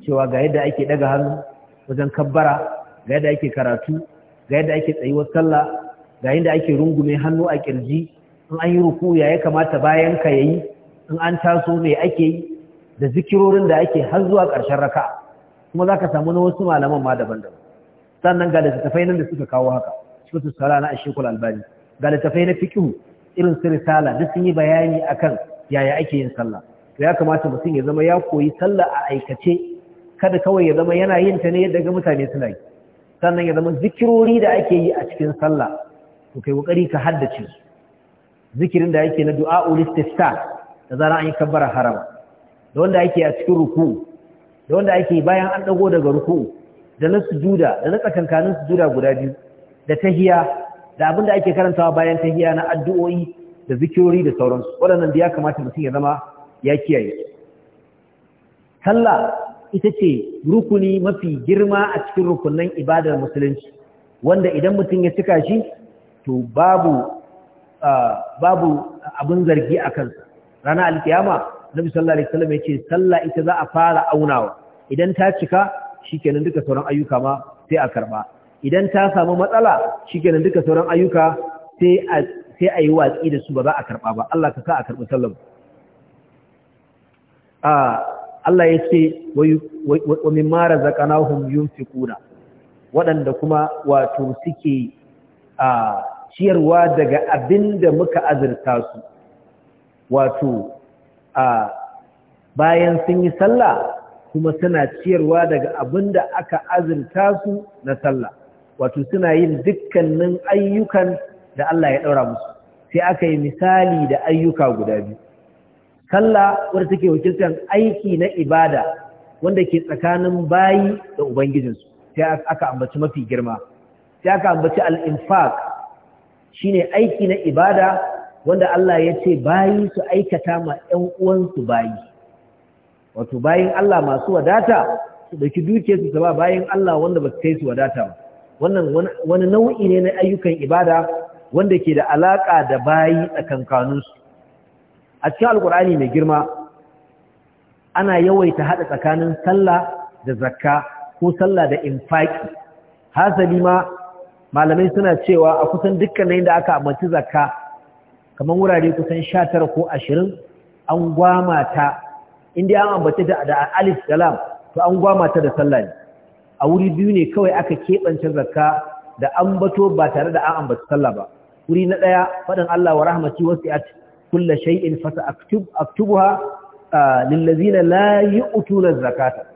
cewa ga yadda ake daga hannu wajen kabbara ga yadda ake karatu ga yadda ake tsayuwar talla, ga yadda ake rungume hannu a kirji in an yi ruku ya ya kamata bayan ka yayi in an taso me ake yi da zikirorin da ake har zuwa ƙarshen raka'a kuma za ka samu na wasu malaman ma daban-daban sannan ga littattafai nan da suka kawo haka su sara na ashekul albani ga littattafai na fikihu irin su risala duk sun yi bayani akan yaya ake yin sallah to ya kamata mutum ya zama ya koyi sallah a aikace kada kawai ya zama yana yin ta ne yadda ga mutane suna yi sannan ya zama zikirori da ake yi a cikin sallah to kai kokari ka haddace su zikirin da yake na du'a ulistifta da zaran an yi kabbara harama da wanda yake a cikin ruku da wanda ake bayan an dago daga ruku'u da na sujuda da na tsakankanin sujuda guda biyu da tahiya da abin da ake karantawa bayan tahiya na addu'o'i da zikirori da sauransu waɗannan da ya kamata mutum ya zama ya kiyaye sallah ita ce rukuni mafi girma a cikin rukunan ibadar musulunci wanda idan mutum ya cika shi to babu ah, babu abin zargi a kansa ranar alkiyama Nabi sallallahu alaihi wasallam yace sallah ita za a fara aunawa idan ta cika shikenan duka sauran ayyuka ma sai a karba idan ta samu matsala shikenan duka sauran ayyuka sai a sai a yi watsi da su ba za a karba ba Allah ka sa a karba sallam ah Allah yace wa mimma razaqnahum yunfiquna waɗanda kuma wato suke a ciyarwa daga abin da muka azurta su wato a bayan sun yi sallah kuma suna ciyarwa daga abin da aka azurta su na sallah wato suna yin dukkanin ayyukan da Allah ya ɗaura musu sai aka yi misali da ayyuka guda biyu sallah wadda take wakiltar aiki na ibada wanda ke tsakanin bayi da ubangijinsu sai aka ambaci mafi girma sai aka ambaci al-infaq shine aiki na ibada wanda Allah ya ce bayi su aikata ma ‘yan uwansu bayi wato bayin Allah masu wadata su ɗauki duke su ba bayin Allah wanda ba su kai su wadata ba wannan wani nau'i ne na ayyukan ibada wanda ke da alaƙa da bayi tsakankaninsu a cikin alkur'ani mai girma ana yawaita haɗa tsakanin sallah da zakka ko sallah da infaki hasali ma malamai suna cewa a kusan dukkanin da aka ambaci zakka kamar wurare kusan sha tara ko ashirin an gwama ta inda an ambata da alif da lam to an gwama ta da sallah ne a wuri biyu ne kawai aka keɓance zakka da ambato ba tare da an ambata sallah ba wuri na ɗaya faɗin Allah wa rahmati wasi'at kullu shay'in fasa aktubuha lillazina la yu'tuna zakata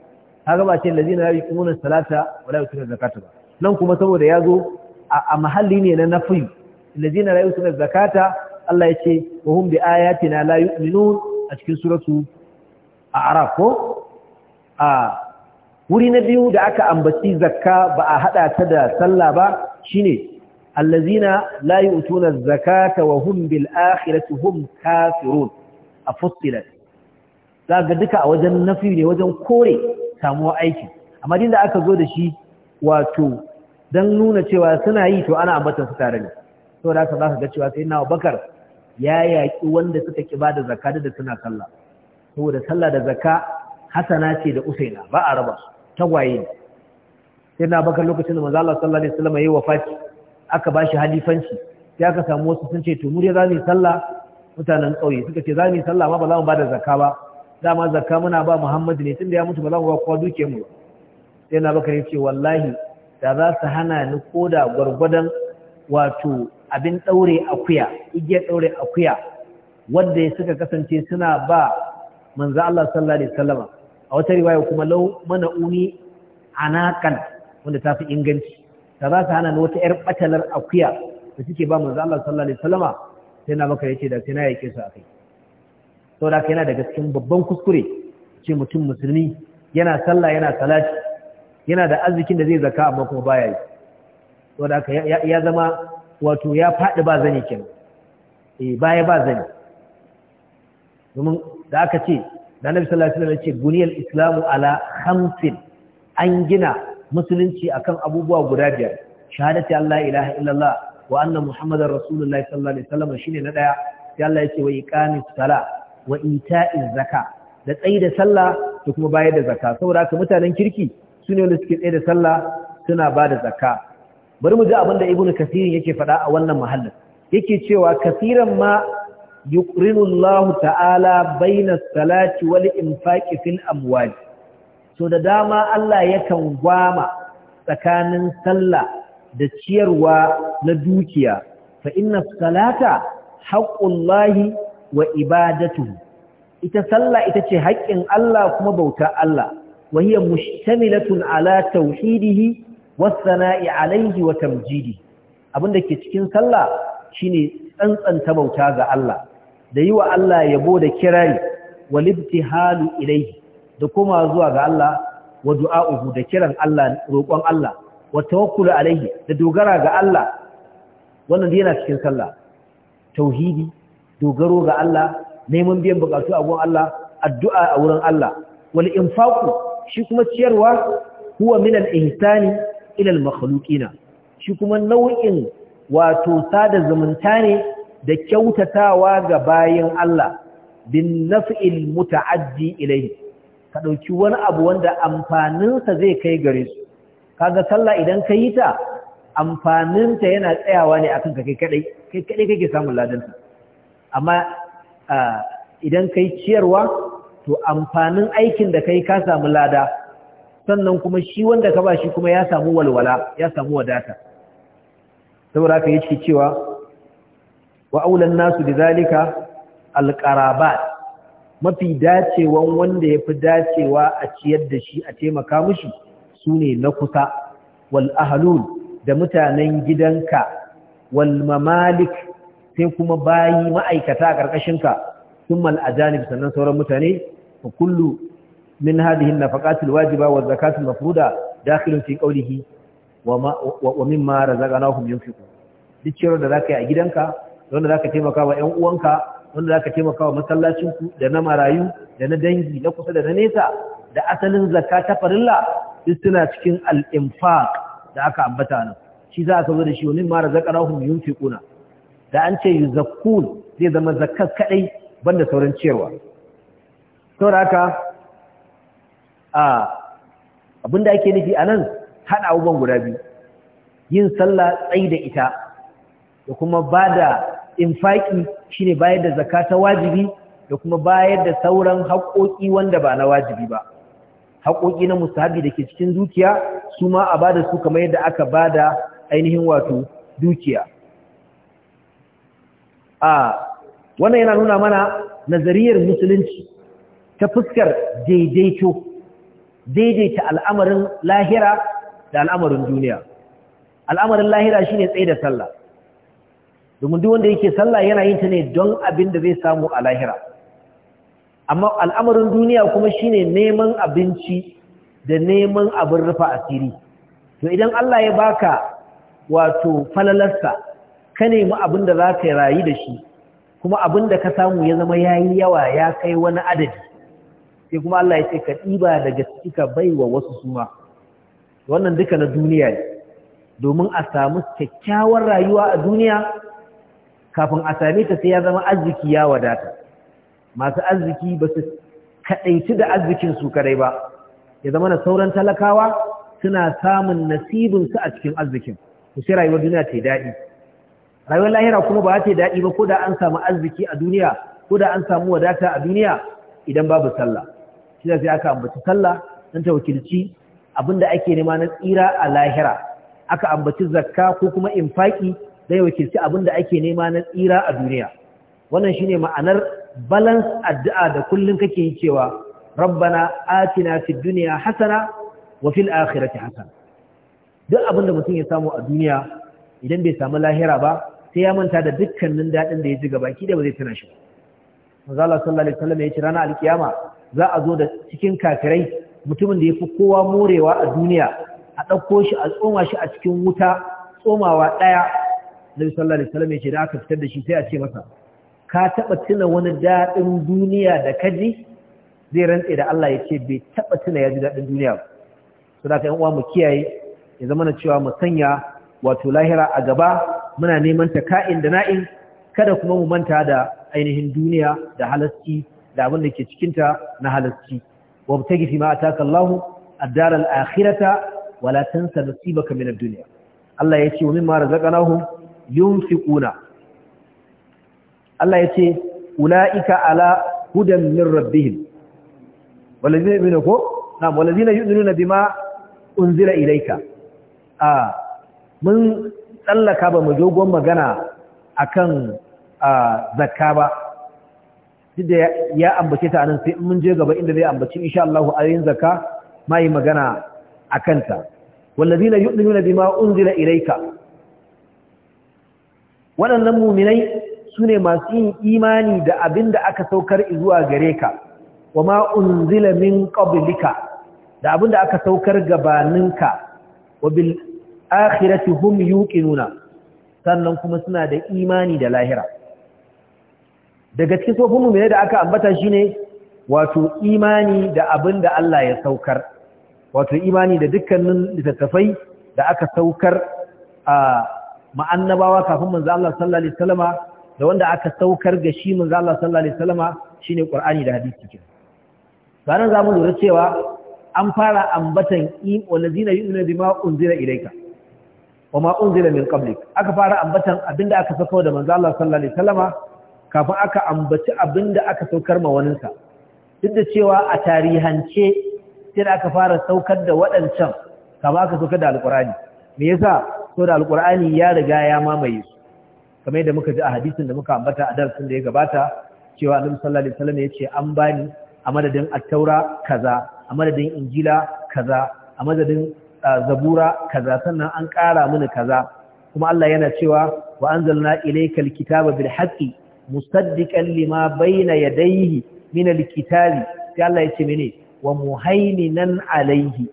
kaga ba ce lillazina la yu'tuna salata wa la yu'tuna zakata ba nan kuma saboda yazo a mahalli ne na nafi lillazina la yu'tuna zakata Allah ya ce wa hum bi na la yu'minun a cikin suratu a'raf ko a wuri na biyu da aka ambaci zakka ba a haɗa ta da sallah ba shine allazina la yu'tuna zakata wa hum bil akhirati hum kafirun a fussilat ga duka a wajen nafi ne wajen kore samuwa aiki amma din da aka zo da shi wato dan nuna cewa suna yi to ana ambata su tare ne saboda haka zaka ga cewa sai wa Bakar? ya yaƙi wanda suka ƙi ba da zaka da suna sallah saboda sallah da zaka hasana ce da usaina ba a raba su tagwaye ne sai na bakar lokacin da manzo Allah sallallahu alaihi wasallam yayi wafati aka ba shi halifanci sai aka samu wasu sun ce to mu za mu sallah mutanen ƙauye suka ce za mu sallah amma ba za mu ba da zakka ba dama zaka muna ba Muhammad ne tunda ya mutu ba za mu ba kowa duke mu sai na bakar ya ce wallahi da za su hana ni koda gwargwadon wato abin ɗaure akuya igiyar ɗaure akuya wanda ya suka kasance suna ba manza Allah sallallahu alaihi wasallama a wata riwaya kuma lau mana uni anakan wanda ta fi inganci da za su hana ni wata yar ɓatalar akuya da suke ba manza Allah sallallahu alaihi wasallama sai na maka ce da sai na yake su akai yana daga cikin babban kuskure ce mutum musulmi yana sallah yana salati yana da arzikin da zai zaka amma kuma baya yi saboda ya zama wato ya faɗi ba zane kenan eh baya ba zane domin da aka ce da Annabi sallallahu alaihi wasallam ya ce buniyal islamu ala khamsin an gina musulunci akan abubuwa guda biyar shahadati Allah ilaha illallah wa anna muhammadar rasulullahi sallallahu alaihi wasallam shine na daya sai Allah ya ce wa iqamis sala wa ita'iz zaka da tsayi da sallah da kuma bayar da zakka saboda haka mutanen kirki sune wanda suke tsayi da sallah suna ba da zakka bari mu ji abin da ibnu kasirin yake faɗa a wannan mahallin yake cewa kasiran ma yuqrinu Allah ta'ala baina salati wal infaqi fil amwal so da dama Allah yakan gwama tsakanin sallah da ciyarwa na dukiya fa inna salata haqqullahi wa ibadatuhu ita sallah ita ce haƙƙin Allah kuma bauta Allah wa hiya mushtamilatun ala tauhidihi wasana'i alaihi wa tamjidi abinda ke cikin sallah shine tsantsanta bauta ga Allah da yi wa Allah yabo da kirari wal ibtihalu ilaihi da kuma zuwa ga Allah wa du'a'uhu da kiran Allah roƙon Allah wa tawakkulu alaihi da dogara ga Allah wannan yana cikin sallah tauhidi dogaro ga Allah neman biyan bukatu a gurin Allah addu'a a wurin Allah wal infaqu shi kuma ciyarwa huwa min al ihsani ilal makhluqina shi kuma nau'in wato sada zumunta ne da kyautatawa ga bayan Allah bin naf'il muta'addi ilayhi ka dauki wani abu wanda amfaninsa zai kai gare su kaga sallah idan ka yi ta yana tsayawa ne akan ka kai kadai kai kadai kake samun ladan amma ah, idan kai ciyarwa to amfanin aikin da kai ka samu lada sannan kuma shi wanda ka ba shi kuma ya samu walwala ya samu wadata saboda yi yake cewa wa aulan nasu zalika alqarabat mafi dacewan wanda ya fi dacewa a ciyar da shi a taimaka mushi sune na kusa wal ahlul da mutanen gidanka wal mamalik sai kuma bayi ma'aikata a ka thumma al ajanib sannan sauran mutane fa kullu min hadhihi an-nafaqat al-wajiba wa zakat al-mafruda dakhilun fi qawlihi wa wa mimma razaqnahum yunfiqun duk ciyar da zaka yi a gidanka wanda zaka taimaka wa ƴan uwanka wanda zaka taimaka wa masallacinku da na marayu da na dangi na kusa da na nesa da asalin zakka ta farilla duk suna cikin al'imfa da aka ambata nan shi za a zo da shi wa mimma razaqnahum yunfiquna da an ce yuzakkun zai zama zakkar kadai da sauran ciyarwa saboda haka a abinda ake nufi a nan haɗa abubuwan guda biyu yin sallah tsayi da ita da kuma ba da infaƙi shi ne bayar da zaka ta wajibi da kuma bayar da sauran haƙoƙi wanda ba na wajibi ba haƙoƙi na musahabi da ke cikin dukiya su ma a ba da su kamar yadda aka ba da ainihin wato dukiya a wannan yana nuna mana nazariyar musulunci ta fuskar daidaito daidaita al'amarin lahira da al'amarin duniya al'amarin lahira shine tsaye da sallah domin duk wanda yake sallah yana yin ta ne don abin da zai samu a lahira amma al'amarin duniya kuma shi ne neman abinci da neman abin rufa asiri to idan Allah ya baka wato falalarsa ka nemi abin da za ka rayu da shi kuma abin da ka samu ya zama ya yi yawa ya kai wani adadi sai kuma Allah ya ce ka ɗiba daga ciki ka wa wasu suma wannan duka na duniya ne domin a samu kyakkyawar rayuwa a duniya kafin a same ta sai ya zama arziki ya wadata masu arziki ba su kaɗaici da arzikin su kadai ba ya zama na sauran talakawa suna samun nasibin su a cikin arzikin ku sai rayuwar duniya ta daɗi rayuwar lahira kuma ba ta daɗi ba ko da an samu arziki a duniya ko da an samu wadata a duniya idan babu sallah shi sai aka ambaci sallah dan ta wakilci abinda ake nema na tsira a lahira aka ambaci zakka ko kuma infaki dan wakilci abinda ake nema na tsira a duniya wannan shine ma'anar balance addu'a da kullun kake yi cewa rabbana atina fid dunya hasana wa fil akhirati hasana duk abinda mutum ya samu a duniya idan bai samu lahira ba sai ya manta da dukkanin dadin da ya ji gabaki da ba zai tana shi ba. Allah sallallahu alaihi wasallam ya ce rana alkiyama za a zo da cikin kafirai mutumin da ya fi kowa morewa a duniya a ɗauko shi a tsoma shi a cikin wuta tsomawa ɗaya bi sallallahu alaihi wasallam ya ce da aka fitar da shi sai a ce masa ka taɓa tuna wani daɗin duniya da kaji zai rantse da Allah ya ce bai taɓa tuna ya ji daɗin duniya ba su da ka yan uwa mu kiyaye ya zama na cewa mu sanya wato lahira a gaba muna neman ta ka'in da na'in kada kuma mu manta da ainihin duniya da halasci da abin da ke cikinta na halarci wabtagi fi ma ataka Allahu ad-dar al-akhirata wala tansa nasiba min ad duniya. Allah ya ce wa mimma razaqnahum ƙuna. Allah ya yace ulaika ala hudan min rabbihim walladhina yu'minuna ko na walladhina na bima unzila ilayka a mun tsallaka ba mu jogon magana akan zakka ba duk da ya ambace ta nan sai mun je gaba inda zai ambaci insha Allah ayoyin zakka mai magana akan ta wallazina yu'minuna bima unzila ilayka waɗannan muminai sune masu yin imani da abinda aka saukar zuwa gare ka wa unzila min qablika da abin da aka saukar gabaninka wa bil akhirati hum yuqinuna sannan kuma suna da imani da lahira daga cikin sofin mummune da aka ambata shine wato imani da abin da Allah ya saukar wato imani da dukkanin littattafai da aka saukar a ma'annabawa kafin manzo Allah sallallahu alaihi wasallama da wanda aka saukar ga shi manzo Allah sallallahu alaihi wasallama shine Qur'ani da hadisi kin sanan zamu lura cewa an fara ambatan im walazina yu'minu bima unzila ilayka ma unzila min qablik aka fara ambatan abinda aka saka da manzo Allah sallallahu alaihi wasallama kafin aka ambaci abin da aka saukar ma waninsa duk da cewa a tarihance sai da aka fara saukar da waɗancan kama aka saukar da alƙur'ani me yasa to da alƙur'ani ya riga ya mamaye su kamar yadda muka ji a hadisin da muka ambata a darasin da ya gabata cewa annabi sallallahu alaihi wasallam ya ce an bani a madadin attaura kaza a madadin injila kaza a madadin zabura kaza sannan an ƙara mini kaza kuma Allah yana cewa wa anzalna ilaykal kitaba bil haqqi musaddiqan lima bayna yadayhi min alkitabi sai Allah ya ce mene wa muhaiminan alaihi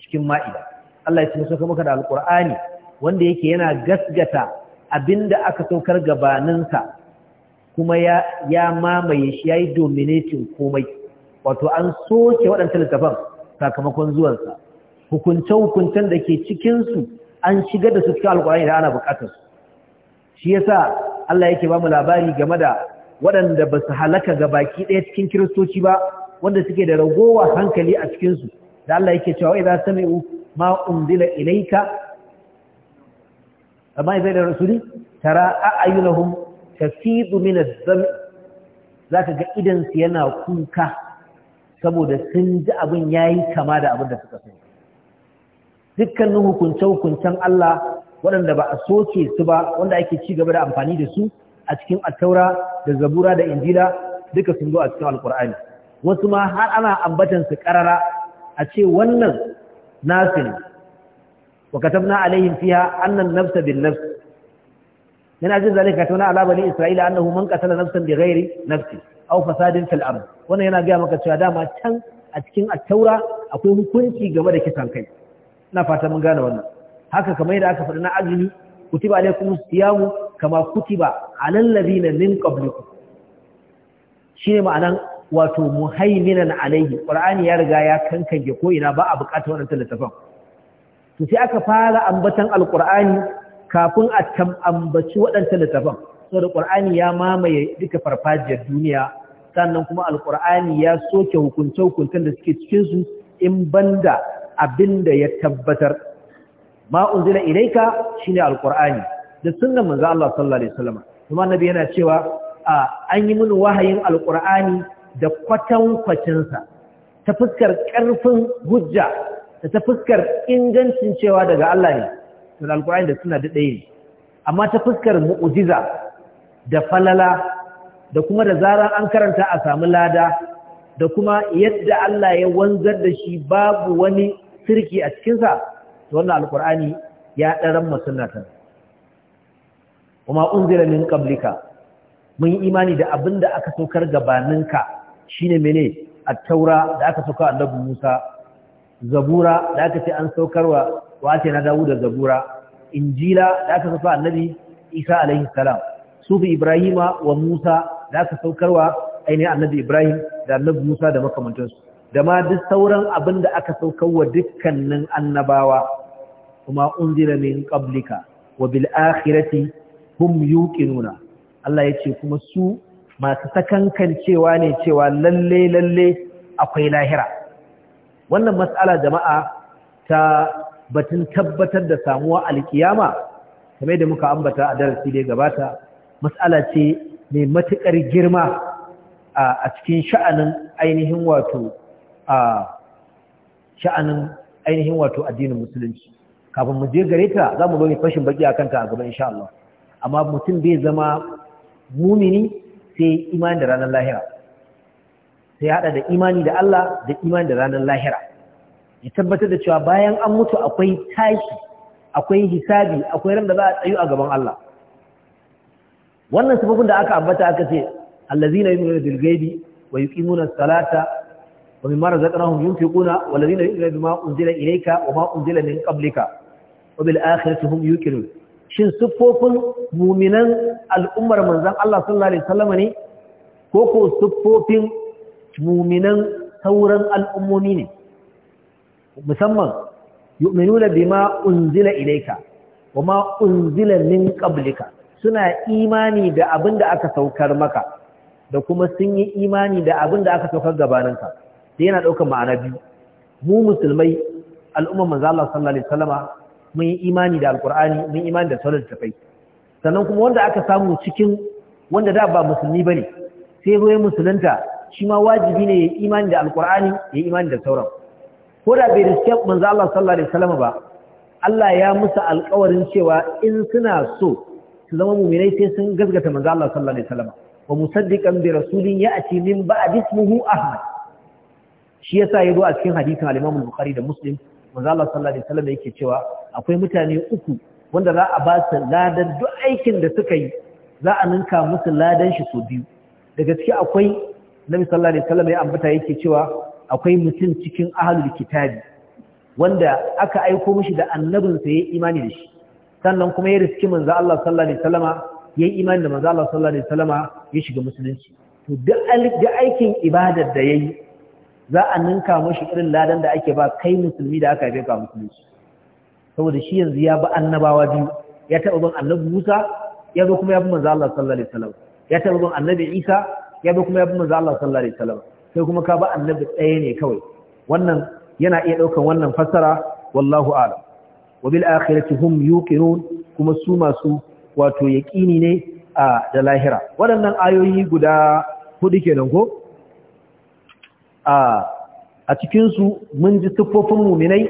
cikin ma'ida Allah ya ce maka da alqur'ani wanda yake yana gasgata abinda aka saukar gabaninsa kuma ya ya mamaye shi yayi dominating komai wato an soke waɗannan littafan sakamakon zuwansa hukunce-hukuncen da ke cikinsu an shiga da su cikin alkurani da ana bukatarsu shi yasa Allah yake ba mu labari game da waɗanda ba su halaka ga baki ɗaya cikin kiristoci ba wanda suke da ragowa hankali a cikinsu da Allah yake cewa idan sami'u ma unzila ilaika amma idan da rasuli tara a'yunuhum tafidu min az-zam zaka ga idan su yana kuka saboda sun ji abin yayi kama da abin da suka sani dukkanin hukunce hukuncen Allah waɗanda ba a soke su ba wanda ake ci gaba da amfani da su a cikin attaura da zabura da injila duka sun zo a cikin alkur'ani wasu ma har ana ambatan su karara a ce wannan nasu ne. wa katabna alaihim fiha annan nafsa bin nafs yana jin zalika katabna ala bani isra'ila annahu man qatala nafsan bi ghairi nafsi aw fasadin fil ard wannan yana ga maka cewa dama can a cikin attaura akwai hukunci game da kisan kai ina fata mun gane wannan haka kamar yadda aka faɗi na azumi kutiba alaikum siyamu kama kutiba alal ladina min qablikum shine ma'anan wato muhaiminan alaihi qur'ani ya riga ya kankange ko ina ba a buƙatar wannan talatafan to sai aka fara ambatan alqur'ani kafin a tam ambaci waɗannan saboda qur'ani ya mamaye duka farfajiyar duniya sannan kuma alqur'ani ya soke hukunce hukuncen da suke cikin su in banda abinda ya tabbatar ma unzila ilayka shine alqur'ani da sunnan manzo Allah sallallahu alaihi wasallam kuma annabi yana cewa an yi mini wahayin alqur'ani da kwatankwacin sa ta fuskar karfin hujja da ta fuskar ingancin cewa daga Allah ne to alqur'ani da sunna da ne amma ta fuskar mu'jiza da falala da kuma da zarar an karanta a samu lada da kuma yadda Allah ya wanzar da shi babu wani sirki a cikinsa wannan Alƙur'ani ya ɗaran masunatan kuma unzira min qablika mun yi imani da abinda aka saukar gabaninka shine mene at-taura da aka sauka annabi Musa zabura da aka ce an saukarwa wace na dawo da zabura injila da aka saukar annabi Isa alaihi salam sufi Ibrahima wa Musa da aka saukarwa aini annabi Ibrahim da annabi Musa da makamantansu da ma duk sauran abinda aka saukar wa dukkanin annabawa kuma unzila min qablika wa bil akhirati hum yuqinuna Allah yace kuma su masu sakankancewa ne cewa lalle lalle akwai lahira wannan mas'ala jama'a ta batun tabbatar da samuwa alkiyama kamar da muka ambata a darasi da gabata mas'ala ce mai matukar girma a cikin sha'anin ainihin wato a sha'anin ainihin wato addinin musulunci kafin mu je gare ta za mu zo fashin baki akan ta a gaba insha Allah amma mutum bai zama mumini sai imani da ranar lahira sai hada da imani da Allah da imani da ranar lahira ya tabbatar da cewa bayan an mutu akwai tashi akwai hisabi akwai ran da za a tsayu a gaban Allah wannan sifofin da aka ambata aka ce allazina yu'minuna bil ghaibi wa yuqimuna as-salata wa mimma razaqnahum yunfiquna wallazina yu'minuna bima unzila ilayka wa ma unzila min qablika wa bil akhirati hum yuqinun shin siffofin muminan al'ummar manzon Allah sallallahu alaihi wasallam ne ko ko siffofin muminan sauran al'ummomi ne musamman yu'minuna bima unzila ilayka wama unzila min qablika suna imani da abin da aka saukar maka da kuma sun yi imani da abin da aka saukar gabaninka da yana ɗaukar ma'ana biyu mu musulmai al'umma manzo Allah sallallahu alaihi wasallama mun yi imani da alkur'ani mun yi imani da sauran tafai sannan kuma wanda aka samu cikin wanda da ba musulmi bane sai ruwan musulunta shi ma wajibi ne ya yi imani da alkur'ani ya yi imani da sauran ko da bai riske manzo Allah sallallahu alaihi wasallam ba Allah ya musu alƙawarin cewa in suna so su zama mu'minai sai sun gazgata manzo Allah sallallahu alaihi wasallam wa musaddiqan bi rasulin ya'ti min ba'dismuhu ahmad shi yasa yazo a cikin hadisin al-Imam al-Bukhari da Muslim manzo Allah sallallahu alaihi wasallam yake cewa akwai mutane uku wanda za a ba su ladan duk aikin da suka yi za a ninka musu ladan shi su biyu daga ciki akwai Nabi sallallahu alaihi wasallam ya ambata yake cewa akwai mutum cikin ahlul kitabi wanda aka aiko mishi da annabin sa yayi imani da shi sannan kuma ya riski manzo Allah sallallahu alaihi wasallama yayi imani da manzo Allah sallallahu alaihi wasallama ya shiga musulunci to duk aikin ibadar da yayi za a ninka mashi irin ladan da ake ba kai musulmi da aka haife musulunci saboda shi yanzu ya bi annabawa biyu ya taɓa bin annabi Musa ya bi kuma ya bi manzo Allah sallallahu alaihi wasallam ya taɓa bin annabi Isa ya bi kuma ya bi manzo Allah sallallahu alaihi wasallam sai kuma ka bi annabi ɗaya ne kawai wannan yana iya ɗaukar wannan fassara wallahu a'lam wa bil akhirati hum yuqinun kuma su masu wato yaqini ne a da lahira waɗannan ayoyi guda hudu kenan ko a cikinsu mun ji tuffofin muminai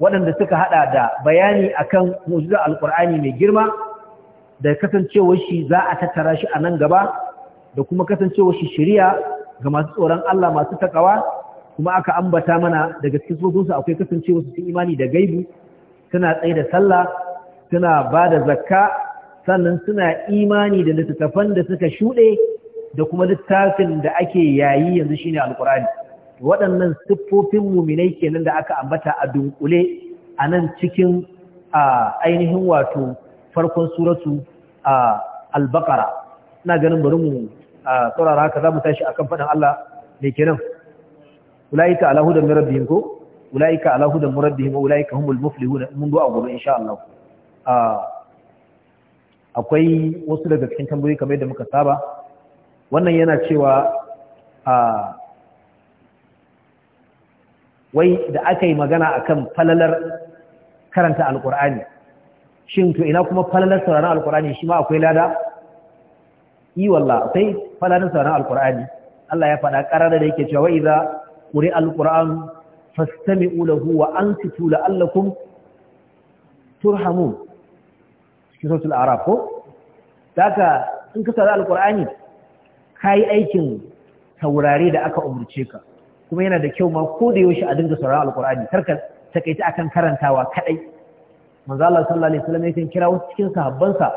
waɗanda suka haɗa da bayani akan mu'jizar alƙur'ani mai girma da kasancewar shi za a tattara shi a nan gaba da kuma kasancewar shi shari'a ga masu tsoron Allah masu takawa kuma aka ambata mana daga cikin tsofinsu akwai kasancewar su imani da gaibi, suna tsaye da sallah suna ba da zakka sannan suna imani da littattafan da suka shuɗe da kuma littafin da ake yayi yanzu shine alƙur'ani waɗannan siffofin muminai kenan da aka ambata a dunkule a nan cikin ainihin wato farkon suratu a albakara ina ganin bari mu saurara haka za mu tashi a kan faɗin Allah mai kenan ka alahu hudan murabbihin ko ulaika murabbihin ko rabbihim ulaika humul muflihun mun du'a gobe insha Allah akwai wasu daga cikin tambayoyi kamar yadda muka saba wannan yana cewa wai da aka yi magana akan falalar karanta alkur'ani shin to ina kuma falalar sauraron alkur'ani shi ma akwai lada yi walla sai falalar sauraron alkur'ani Allah ya faɗa ƙarar da yake cewa idza quri alqur'an fastami'u lahu wa ansitu la'allakum turhamun cikin suratul a'raf ko ka in ka Alƙur'ani alkur'ani yi aikin taurari da aka umurce ka kuma yana da kyau ma ko da yaushe a dinga sauraron alqur'ani karka takaita akan karantawa kaɗai. manzo Allah sallallahu alaihi wasallam yake kira wasu cikin sahabbansa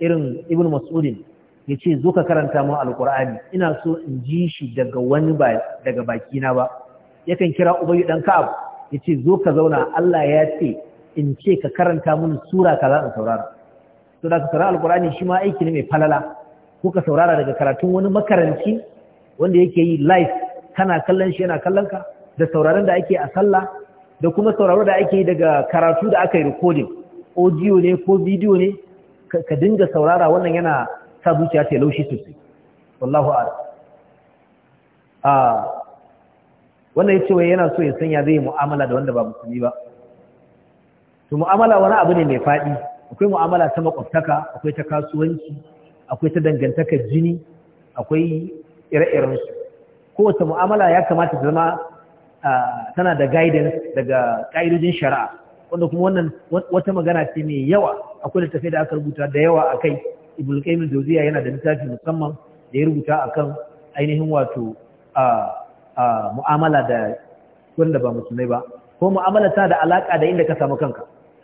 irin ibn mas'udin yace zo ka karanta mu alkur'ani ina so in ji shi daga wani ba daga baki na ba yakan kira ubayy dan ka'ab yace zo ka zauna Allah ya ce in ce ka karanta mun sura kaza in saurara to da ka saurara alkur'ani shi ma aiki ne mai falala ko ka saurara daga karatun wani makaranci wanda yake yi live kana kallon shi yana kallon ka da sauraron da ake a sallah da kuma sauraro da ake daga karatu da aka yi recording audio ne ko video ne ka dinga saurara wannan yana sa zuciya ta laushi sosai wallahu a'lam ah wannan yace wai yana so ya sanya zai mu'amala da wanda ba musulmi ba to mu'amala wani abu ne mai fadi akwai mu'amala ta makwabtaka akwai ta kasuwanci akwai ta dangantaka jini akwai ire-irensu kowace mu'amala ya kamata ta zama tana da guidance daga ƙa'idojin shari'a wanda kuma wannan wata magana ce mai yawa akwai littafi da aka rubuta da yawa a kai. ibn qayyim jawziya yana da littafi musamman da ya rubuta akan ainihin wato mu'amala da wanda ba musulmai ba ko mu'amala ta da alaka da inda ka samu kanka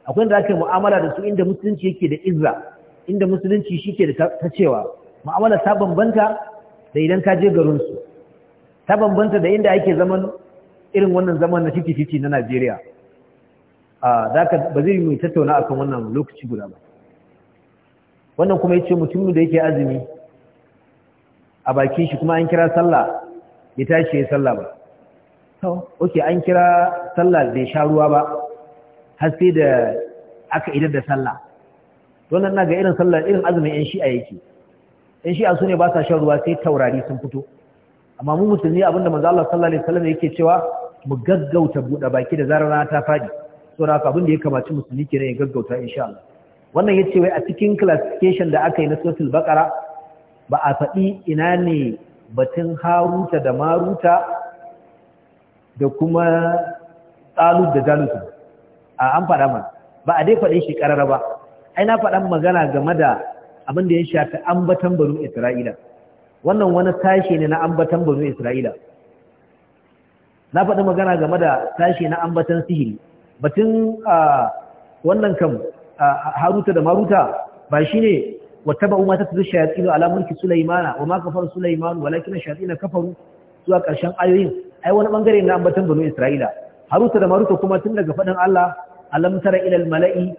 akwai inda ake mu'amala da su inda musulunci yake da izza inda musulunci shi ke da ta cewa mu'amala ta bambanta da idan ka je garinsu ta bambanta da inda ake zaman irin wannan zaman na titi-titi na Najeriya a zaka ba zai mu tattauna akan wannan lokaci guda ba wannan kuma yace mutumin da yake azumi a bakin shi kuma an kira sallah ya tashi ya sallah ba to okay an kira sallah bai sha ruwa ba har sai da aka idar da sallah wannan ga irin sallah irin azumin yan shi'a yake yan shi'a sune ba sa shan ruwa sai taurari sun fito amma mu musulmi abinda manzo Allah sallallahu alaihi wasallam yake cewa mu gaggauta bude baki da zarar rana ta fadi so da haka abinda ya kamata musulmi kenan ya gaggauta insha Allah wannan yace wai a cikin classification da aka yi na suratul baqara ba a faɗi ina ne batun haruta da maruta da kuma tsalud da jalut a an faɗa mana ba a dai faɗin shi ƙarara ba ai na faɗan magana game da abin da ya shafi ambatan banu isra'ila wannan wani tashi ne na ambatan banu isra'ila na faɗi magana game da tashi na ambatan sihiri batun wannan kam haruta da maruta ba shi ne wata ba'u mata tuzu shayatsinu ala mulki sulaimana wa ma kafar sulaiman walakin na kafaru zuwa ƙarshen ayoyin ai wani ɓangare na ambatan banu isra'ila haruta da maruta kuma tun daga faɗin allah alam tara ilal mala'i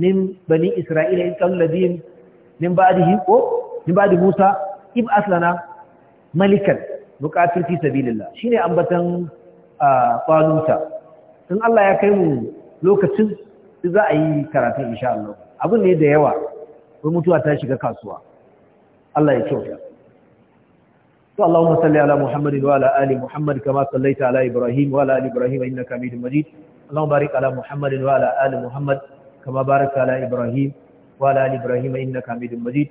min bani isra'ila in qalu ladin min ba'dihi ko min ba'di musa ib'as lana malikan nuqatil fi sabilillah shine ambatan faluta in Allah ya kai mu lokacin za a yi karatun insha Allah abin ne da yawa ko mutuwa ta shiga kasuwa Allah ya kyauta to Allahumma salli ala Muhammad wa ala ali Muhammad kama sallaita ala Ibrahim wa ala ali Ibrahim innaka Hamidum Majid Allahumma barik ala Muhammad wa ala ali Muhammad kama barakta ala Ibrahim wa ala ali Ibrahim innaka Hamidum Majid